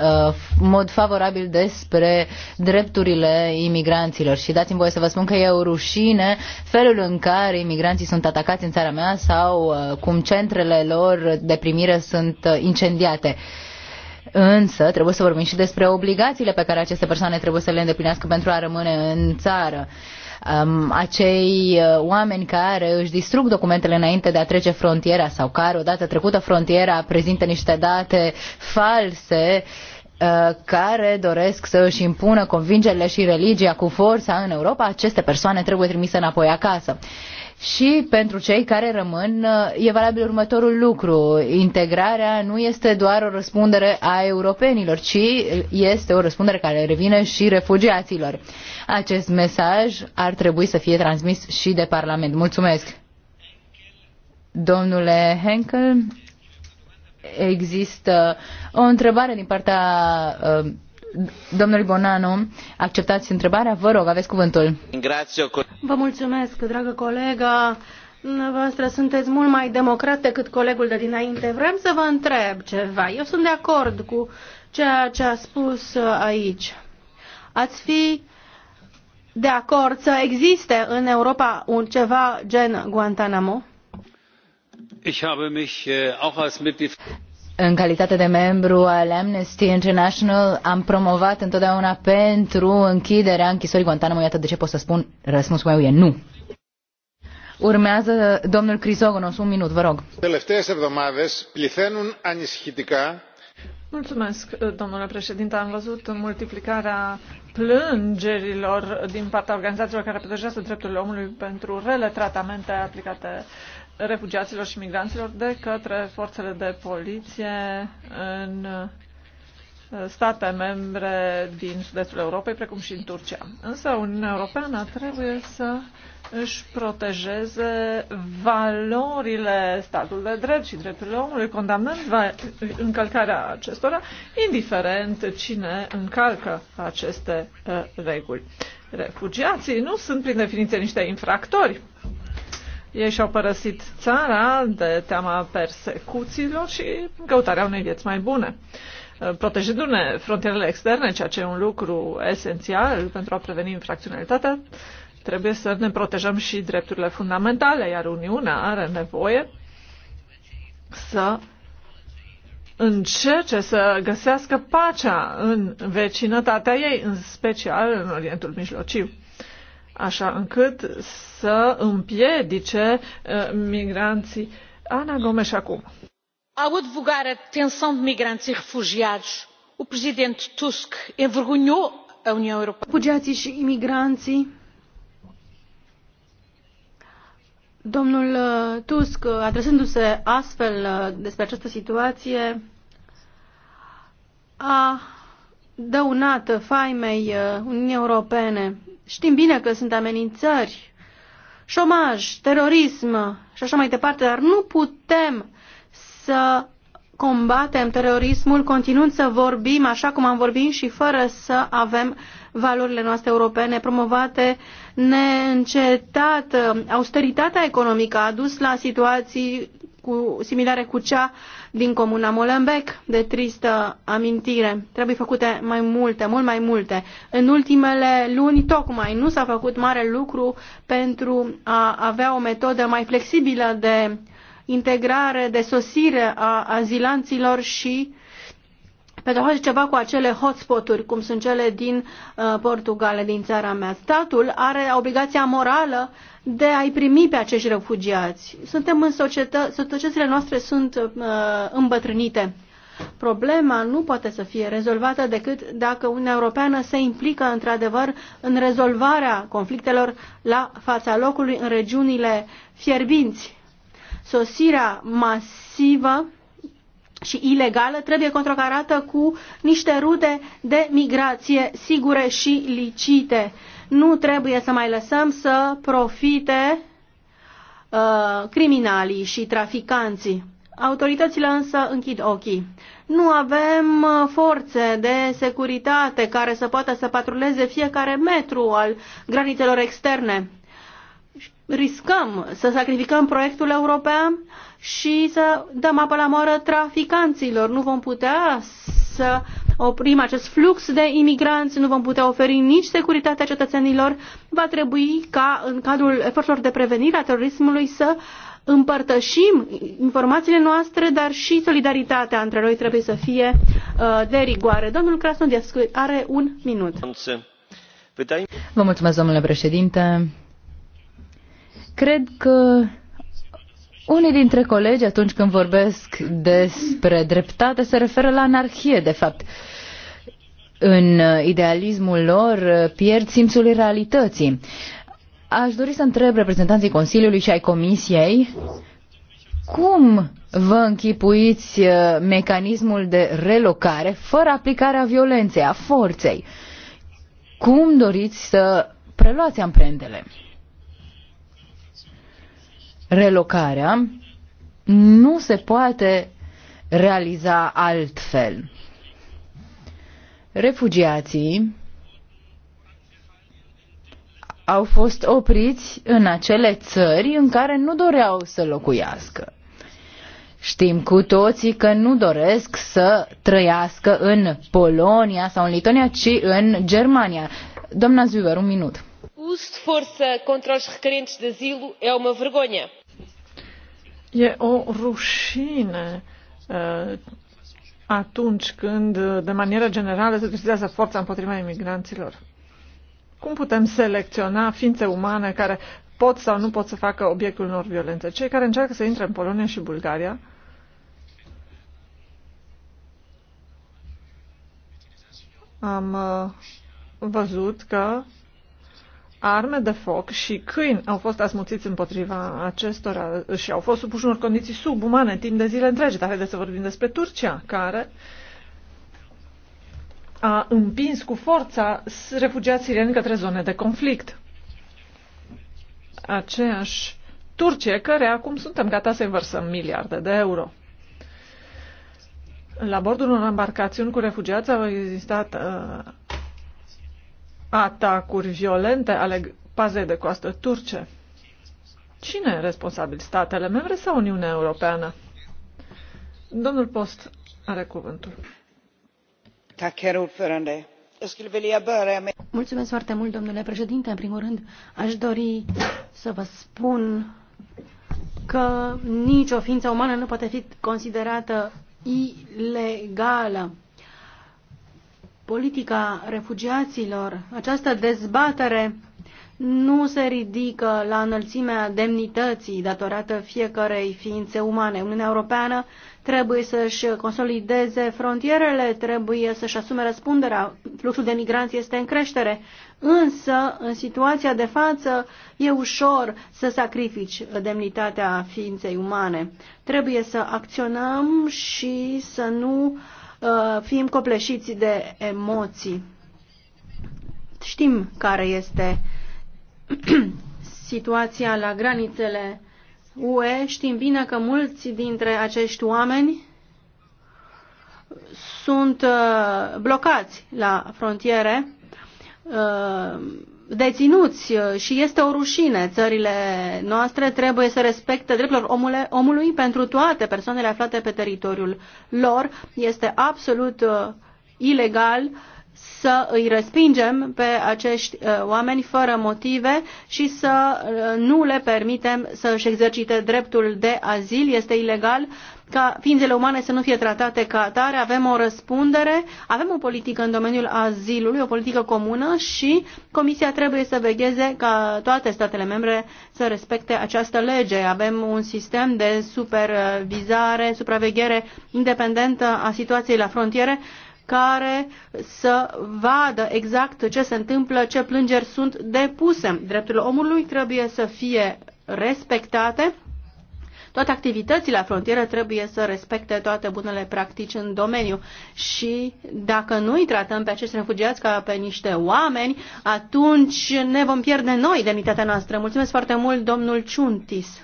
uh, mod favorabil despre drepturile imigranților. Și dați-mi voie să vă spun că e o rușine felul în care imigranții sunt atacați în țara mea sau uh, cum centrele lor de primire sunt uh, incendiate. Însă trebuie să vorbim și despre obligațiile pe care aceste persoane trebuie să le îndeplinească pentru a rămâne în țară. Um, acei uh, oameni care își distrug documentele înainte de a trece frontiera sau care odată trecută frontiera prezintă niște date false uh, care doresc să își impună convingerile și religia cu forța în Europa, aceste persoane trebuie trimise înapoi acasă. Uh, și pentru cei care rămân uh, e valabil următorul lucru. Integrarea nu este doar o răspundere a europenilor, ci uh, este o răspundere care revine și refugiaților. Acest mesaj ar trebui să fie transmis și de Parlament. Mulțumesc! Domnule Henkel, există o întrebare din partea uh, Domnul Bonanu, acceptați întrebarea? Vă rog, aveți cuvântul. Vă mulțumesc, dragă colegă. Dumneavoastră sunteți mult mai democrat decât colegul de dinainte. Vrem să vă întreb ceva. Eu sunt de acord cu ceea ce a spus aici. Ați fi de acord să existe în Europa un ceva gen Guantanamo? în calitate de membru al Amnesty International, am promovat întotdeauna pentru închiderea închisorii Guantanamo. Iată de ce pot să spun, răspunsul meu e nu. Urmează domnul Crisogonos, un minut, vă rog. Mulțumesc, domnule președinte. Am văzut multiplicarea plângerilor din partea organizațiilor care protejează drepturile omului pentru rele tratamente aplicate refugiaților și migranților de către forțele de poliție în uh, state membre din sud-estul Europei, precum și în Turcia. Însă Uniunea Europeană trebuie să își protejeze valorile statului de drept și drepturile omului, condamnând încălcarea acestora, indiferent cine încalcă aceste uh, reguli. Refugiații nu sunt, prin definiție, niște infractori. Ei și-au părăsit țara de teama persecuțiilor și căutarea unei vieți mai bune, protejându-ne frontierele externe, ceea ce e un lucru esențial pentru a preveni infracționalitatea, trebuie să ne protejăm și drepturile fundamentale, iar Uniunea are nevoie să încerce să găsească pacea în vecinătatea ei, în special în Orientul Mijlociu așa încât să împiedice uh, migranții. Ana Gomes acum. Ao advogar a detenção de migrantes e refugiados, o președinte Tusk envergonhou a União Europeană. Refugiații și imigranții Domnul uh, Tusk, uh, adresându-se astfel despre această situație, a dăunat faimei Uniunii Europene. Știm bine că sunt amenințări, șomaj, terorism și așa mai departe, dar nu putem să combatem terorismul continuând să vorbim așa cum am vorbit și fără să avem valorile noastre europene promovate neîncetat. Austeritatea economică a dus la situații similare cu cea din comuna Molenbeek, de tristă amintire. Trebuie făcute mai multe, mult mai multe. În ultimele luni, tocmai, nu s-a făcut mare lucru pentru a avea o metodă mai flexibilă de integrare, de sosire a azilanților și pentru a face ceva cu acele hotspoturi, cum sunt cele din uh, Portugalia, din țara mea. Statul are obligația morală de a-i primi pe acești refugiați. Suntem în societate, societățile noastre sunt uh, îmbătrânite. Problema nu poate să fie rezolvată decât dacă Uniunea Europeană se implică într-adevăr în rezolvarea conflictelor la fața locului în regiunile fierbinți. Sosirea masivă și ilegală trebuie contracarată cu niște rute de migrație sigure și licite. Nu trebuie să mai lăsăm să profite uh, criminalii și traficanții. Autoritățile însă închid ochii. Nu avem uh, forțe de securitate care să poată să patruleze fiecare metru al granițelor externe. Riscăm să sacrificăm proiectul european și să dăm apă la moară traficanților. Nu vom putea să oprim acest flux de imigranți, nu vom putea oferi nici securitatea cetățenilor. Va trebui ca în cadrul eforturilor de prevenire a terorismului să împărtășim informațiile noastre, dar și solidaritatea între noi trebuie să fie uh, de rigoare. Domnul Krasnodescu are un minut. Vă mulțumesc, domnule președinte. Cred că unii dintre colegi, atunci când vorbesc despre dreptate, se referă la anarhie, de fapt. În idealismul lor pierd simțul realității. Aș dori să întreb reprezentanții Consiliului și ai Comisiei cum vă închipuiți uh, mecanismul de relocare fără aplicarea violenței, a forței? Cum doriți să preluați amprentele? relocarea nu se poate realiza altfel. Refugiații au fost opriți în acele țări în care nu doreau să locuiască. Știm cu toții că nu doresc să trăiască în Polonia sau în Litonia, ci în Germania. Doamna Zuber, un minut. O forță de contra os requerentes de asilo é uma vergonha E o rușine uh, atunci când, uh, de manieră generală, se utilizează forța împotriva imigranților. Cum putem selecționa ființe umane care pot sau nu pot să facă obiectul unor violențe? Cei care încearcă să intre în Polonia și Bulgaria am uh, văzut că arme de foc și câini au fost asmuțiți împotriva acestora și au fost supuși unor condiții subumane timp de zile întregi. Dar haideți să vorbim despre Turcia, care a împins cu forța refugiați sirieni către zone de conflict. Aceeași Turcie, care acum suntem gata să-i vărsăm miliarde de euro. La bordul unor embarcațiuni cu refugiați au existat uh, atacuri violente ale pazei de coastă turce. Cine e responsabil? Statele membre sau Uniunea Europeană? Domnul Post are cuvântul. Mulțumesc foarte mult, domnule președinte. În primul rând, aș dori să vă spun că nicio ființă umană nu poate fi considerată ilegală politica refugiaților, această dezbatere nu se ridică la înălțimea demnității datorată fiecarei ființe umane. Uniunea Europeană trebuie să-și consolideze frontierele, trebuie să-și asume răspunderea. Fluxul de migranți este în creștere, însă în situația de față e ușor să sacrifici demnitatea ființei umane. Trebuie să acționăm și să nu uh, Uh, fim copleșiți de emoții. Știm care este situația la granițele UE, știm bine că mulți dintre acești oameni sunt uh, blocați la frontiere uh, deținuți uh, și este o rușine. Țările noastre trebuie să respecte drepturile omule, omului pentru toate persoanele aflate pe teritoriul lor. Este absolut uh, ilegal uh, să îi respingem pe acești uh, oameni fără motive și să uh, nu le permitem să își exercite dreptul de azil. Este ilegal ca ființele umane să nu fie tratate ca atare. Avem o răspundere, avem o politică în domeniul azilului, o politică comună și Comisia trebuie să vegheze ca toate statele membre să respecte această lege. Avem un sistem de supervizare, supraveghere independentă a situației la frontiere care să vadă exact ce se întâmplă, ce plângeri sunt depuse. Drepturile omului trebuie să fie respectate. Toate activitățile la frontieră trebuie să respecte toate bunele practici în domeniu și dacă nu îi tratăm pe acești refugiați ca pe niște oameni, atunci ne vom pierde noi demnitatea noastră. Mulțumesc foarte mult, domnul Ciuntis.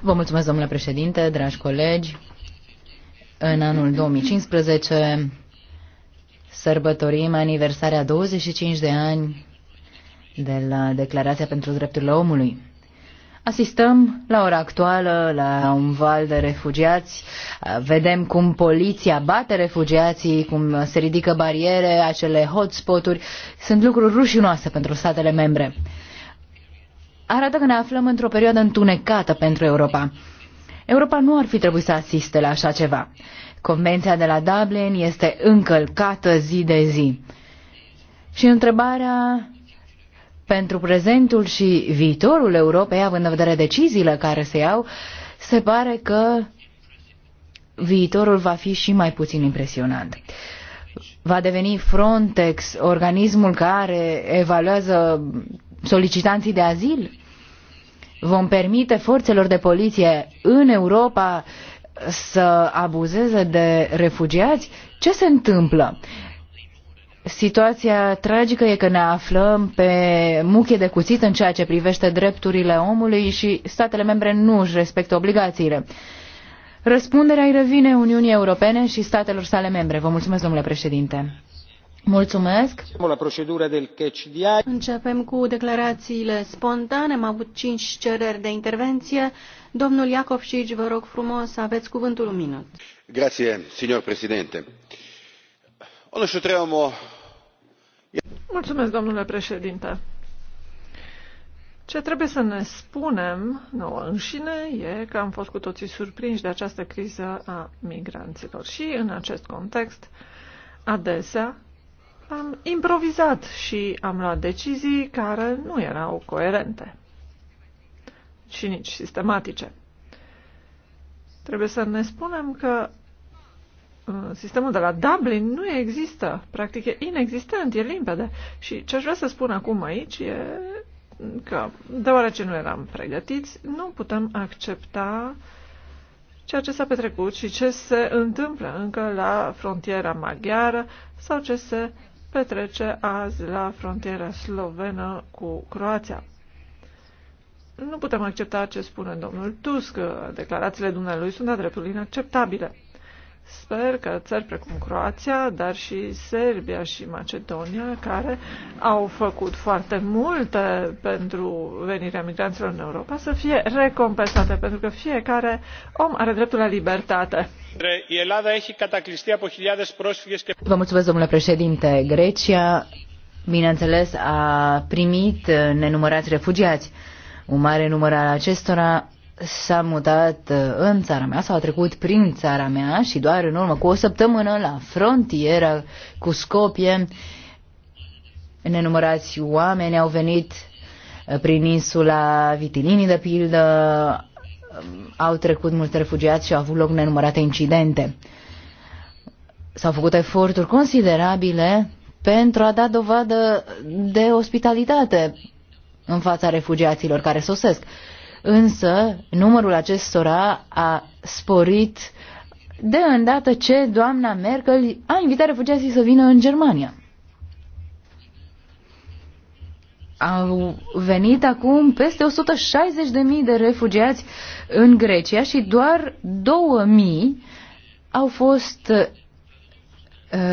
Vă mulțumesc, domnule președinte, dragi colegi. În anul 2015 sărbătorim aniversarea 25 de ani de la Declarația pentru Drepturile Omului. Asistăm la ora actuală la un val de refugiați, vedem cum poliția bate refugiații, cum se ridică bariere, acele hotspot-uri. Sunt lucruri rușinoase pentru statele membre. Arată că ne aflăm într-o perioadă întunecată pentru Europa. Europa nu ar fi trebuit să asiste la așa ceva. Convenția de la Dublin este încălcată zi de zi. Și întrebarea pentru prezentul și viitorul Europei, având în vedere deciziile care se iau, se pare că viitorul va fi și mai puțin impresionant. Va deveni Frontex organismul care evaluează solicitanții de azil? vom permite forțelor de poliție în Europa să abuzeze de refugiați? Ce se întâmplă? Situația tragică e că ne aflăm pe muche de cuțit în ceea ce privește drepturile omului și statele membre nu își respectă obligațiile. Răspunderea îi revine Uniunii Europene și statelor sale membre. Vă mulțumesc, domnule președinte. Mulțumesc. Începem cu declarațiile spontane. Am avut cinci cereri de intervenție. Domnul Iacov vă rog frumos, aveți cuvântul un minut. signor președinte. Ono što trebamo... Mulțumesc, domnule președinte. Ce trebuie să ne spunem nouă înșine e că am fost cu toții surprinși de această criză a migranților și, în acest context, adesea am improvizat și am luat decizii care nu erau coerente și nici sistematice. Trebuie să ne spunem că uh, sistemul de la Dublin nu există, practic e inexistent, e limpede. Și ce aș vrea să spun acum aici e că, deoarece nu eram pregătiți, nu putem accepta ceea ce s-a petrecut și ce se întâmplă încă la frontiera maghiară sau ce se petrece azi la frontiera slovenă cu Croația. Nu putem accepta ce spune domnul Tusk. Declarațiile dumnealui sunt de dreptul inacceptabile. Sper că țări precum Croația, dar și Serbia și Macedonia, care au făcut foarte multe pentru venirea migranților în Europa, să fie recompensate, pentru că fiecare om are dreptul la libertate. Vă mulțumesc, domnule președinte. Grecia, bineînțeles, a primit nenumărați refugiați. Un mare număr al acestora s-a mutat uh, în țara mea sau a trecut prin țara mea și doar în urmă cu o săptămână la frontiera cu Scopie nenumărați oameni au venit uh, prin insula Vitilinii de pildă um, au trecut mulți refugiați și au avut loc nenumărate incidente. S-au făcut eforturi considerabile pentru a da dovadă de ospitalitate în fața refugiaților care sosesc însă numărul acestora a sporit de îndată ce doamna Merkel a invitat refugiații să vină în Germania. Au venit acum peste 160.000 de refugiați în Grecia și doar 2.000 au fost uh,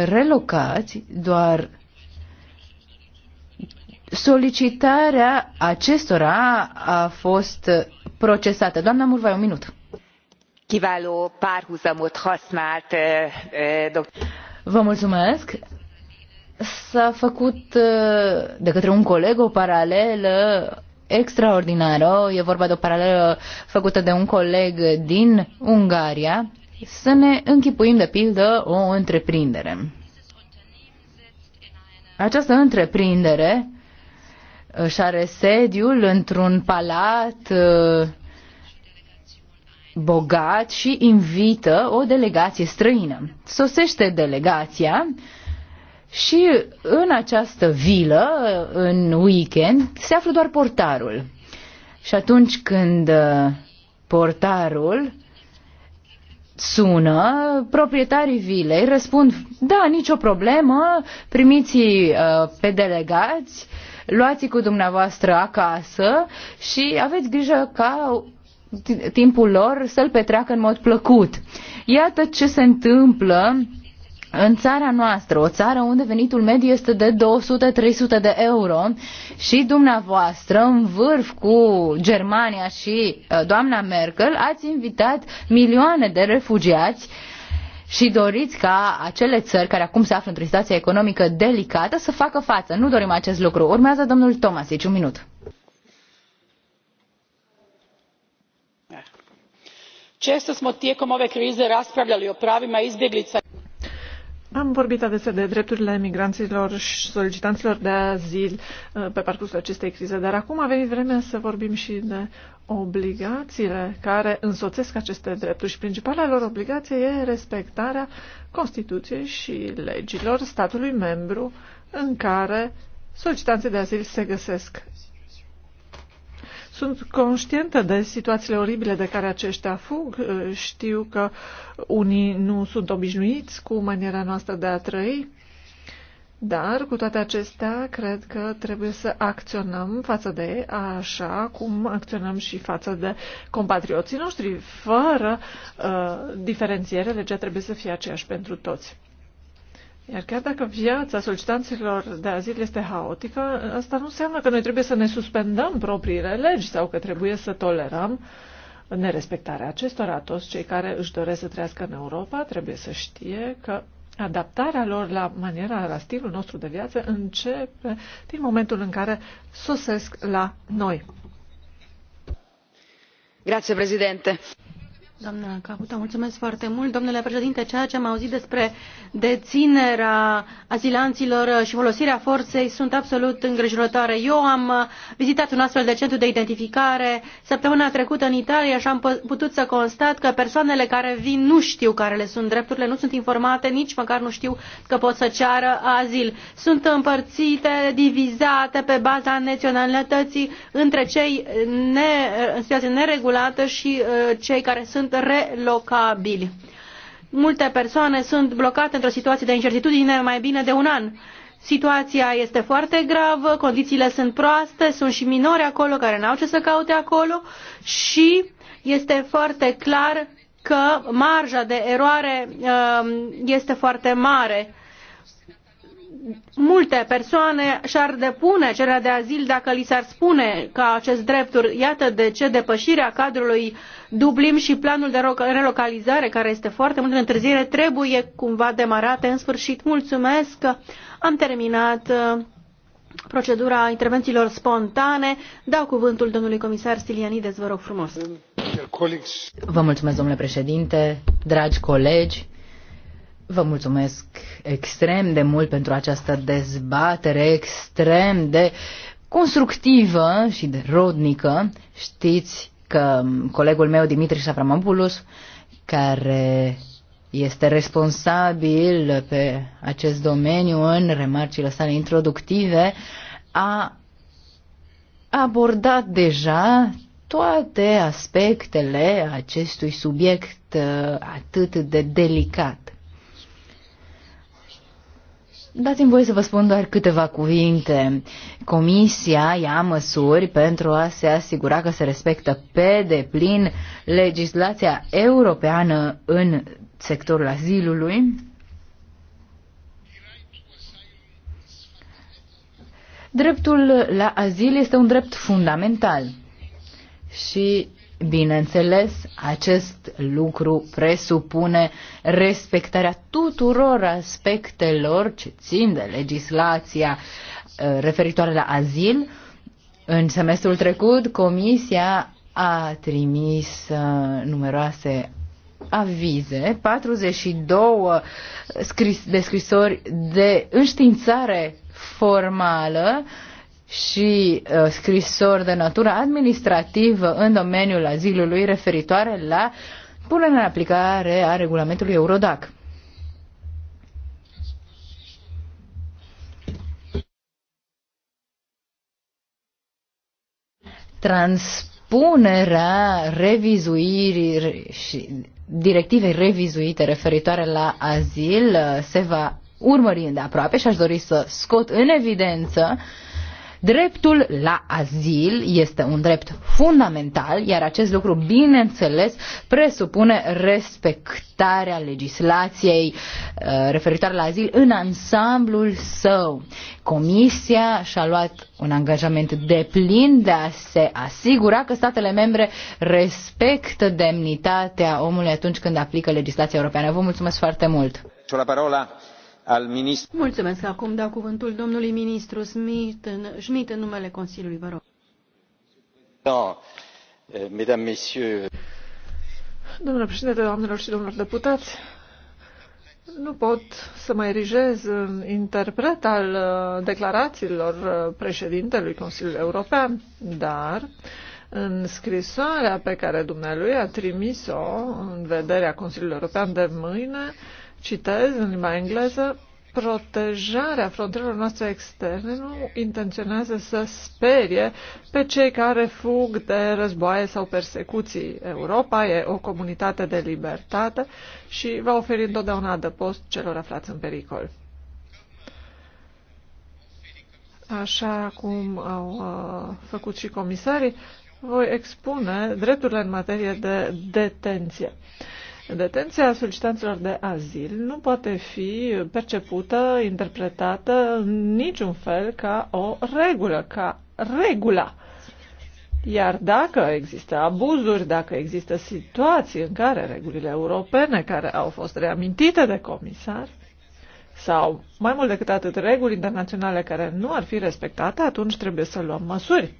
relocați, doar Solicitarea acestora a fost procesată. Doamna Murvai, un minut. Kiváló párhuzamot használt, eh, eh, Vă mulțumesc. S-a făcut eh, de către un coleg o paralelă extraordinară. E vorba de o paralelă făcută de un coleg din Ungaria. Să ne închipuim, de pildă, o întreprindere. Această întreprindere își uh, are sediul într-un palat uh, bogat și invită o delegație străină. Sosește delegația și în această vilă, uh, în weekend, se află doar portarul. Și atunci când portarul sună, proprietarii vilei răspund, da, nicio problemă, primiți pe delegați, luați cu dumneavoastră acasă și aveți grijă ca timpul lor să-l petreacă în mod plăcut. Iată ce se întâmplă în țara noastră, o țară unde venitul mediu este de 200-300 de euro și dumneavoastră în vârf cu Germania și uh, doamna Merkel ați invitat milioane de refugiați uh, și doriți ca acele țări care acum se află într-o situație economică delicată să facă față. Nu dorim acest lucru. Urmează domnul Tomasici, un minut. Često smo tijekom ove krize raspravljali o pravima izbjeglica. Am vorbit adesea de drepturile emigranților și solicitanților de azil eh, pe parcursul acestei crize, dar acum a venit vremea să vorbim și de obligațiile care însoțesc aceste drepturi și principala lor obligație e respectarea Constituției și legilor statului membru în care solicitanții de azil se găsesc. Sunt conștientă de situațiile oribile de care aceștia fug. Știu că unii nu sunt obișnuiți cu maniera noastră de a trăi dar, cu toate acestea, cred că trebuie să acționăm față de ei, așa cum acționăm și față de compatrioții noștri, fără uh, diferențiere, legea trebuie să fie aceeași pentru toți. Iar chiar dacă viața solicitanților de azil este haotică, asta nu înseamnă că noi trebuie să ne suspendăm propriile legi sau că trebuie să tolerăm nerespectarea acestora. Toți cei care își doresc să trăiască în Europa trebuie să știe că Adaptarea lor la maniera, la stilul nostru de viață începe din momentul în care sosesc la noi. Grazie, președinte. Doamna Cahuta, mulțumesc foarte mult. Domnule președinte, ceea ce am auzit despre deținerea azilanților și folosirea forței sunt absolut îngrijorătoare. Eu am vizitat un astfel de centru de identificare săptămâna trecută în Italia și am putut să constat că persoanele care vin nu știu care le sunt drepturile, nu sunt informate, nici măcar nu știu că pot să ceară azil. Sunt împărțite, divizate pe baza naționalității între cei ne, în situație neregulată și uh, cei care sunt sunt relocabili. Multe persoane sunt blocate într-o situație de incertitudine mai bine de un an. Situația este foarte gravă, condițiile sunt proaste, sunt și minori acolo care n-au ce să caute acolo și este foarte clar că marja de eroare um, este foarte mare. Multe persoane și-ar depune cererea de azil dacă li s-ar spune că acest drepturi, iată de ce depășirea cadrului uh, Dublin și planul de relocalizare, care este foarte mult în întârziere, trebuie cumva demarate. În sfârșit, mulțumesc că am terminat uh, procedura intervențiilor spontane. Dau cuvântul domnului comisar Stilianides, vă rog frumos. Vă mulțumesc, domnule președinte, dragi colegi. Vă mulțumesc extrem de mult pentru această dezbatere extrem de constructivă și de rodnică. Știți că colegul meu, Dimitris Avramopoulos, care este responsabil pe acest domeniu în remarcile sale introductive, a abordat deja toate aspectele acestui subiect uh, atât de delicat. Dați-mi voie să vă spun doar câteva cuvinte. Comisia ia măsuri pentru a se asigura că se respectă pe deplin legislația europeană în sectorul azilului. Dreptul la azil este un drept fundamental și Bineînțeles, acest lucru presupune respectarea tuturor aspectelor ce țin de legislația uh, referitoare la azil. În semestrul trecut, Comisia a trimis uh, numeroase avize, 42 descrisori de de înștiințare formală și uh, scrisori de natură administrativă în domeniul azilului referitoare la punerea în aplicare a regulamentului Eurodac. Transpunerea revizuirii și directivei revizuite referitoare la azil uh, se va urmări îndeaproape și aș dori să scot în evidență uh, Dreptul la azil este un drept fundamental, iar acest lucru, bineînțeles, presupune respectarea legislației uh, referitoare la azil în ansamblul său. Comisia și-a luat un angajament deplin de a se asigura că statele membre respectă demnitatea omului atunci când aplică legislația europeană. Vă mulțumesc foarte mult! La parola al ministrului. Mulțumesc. Acum dau cuvântul domnului ministru Schmidt în, Schmidt, în numele Consiliului, vă rog. Eh, Domnule președinte, doamnelor și domnilor deputați, nu pot să mă erigez în interpret al eh, declarațiilor eh, președintelui Consiliului European, dar în scrisoarea pe care dumnealui a trimis-o în vederea Consiliului European de mâine, Citez în limba engleză, protejarea frontierelor noastre externe nu intenționează să sperie pe cei care fug de războaie sau persecuții. Europa e o comunitate de libertate și va oferi întotdeauna adăpost celor aflați în pericol. Așa cum au uh, făcut și comisarii, voi expune drepturile în materie de detenție. Uh, Detenția solicitanților de azil nu poate fi percepută, interpretată în niciun fel ca o regulă, ca regula. Iar dacă există abuzuri, dacă există situații în care regulile europene, care au fost reamintite de comisar, sau, mai mult decât atât, reguli internaționale care nu ar fi respectate, atunci trebuie să luăm măsuri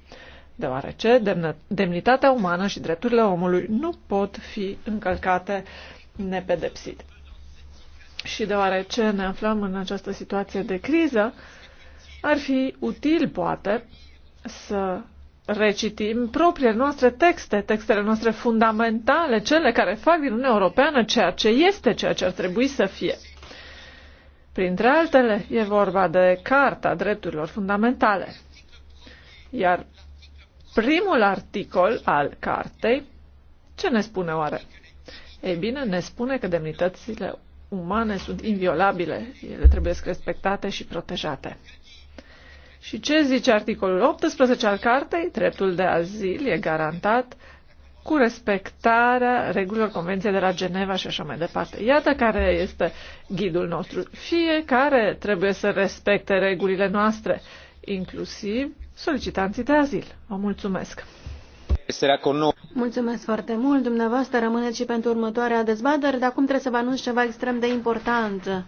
deoarece demnitatea umană și drepturile omului nu pot fi încălcate nepedepsit. Și deoarece ne aflăm în această situație de criză, ar fi util, poate, să recitim propriile noastre texte, textele noastre fundamentale, cele care fac din Uniunea Europeană ceea ce este, ceea ce ar trebui să fie. Printre altele, e vorba de Carta Drepturilor Fundamentale. Iar primul articol al cartei, ce ne spune oare? Ei bine, ne spune că demnitățile umane sunt inviolabile, ele trebuie respectate și protejate. Și ce zice articolul 18 al cartei? Dreptul de azil e garantat cu respectarea regulilor Convenției de la Geneva și așa mai departe. Iată care este ghidul nostru. Fiecare trebuie să respecte regulile noastre, inclusiv solicitanții de azil. Vă mulțumesc! Mulțumesc foarte mult! Dumneavoastră rămâneți și pentru următoarea dezbatere, dar acum trebuie să vă anunț ceva extrem de important.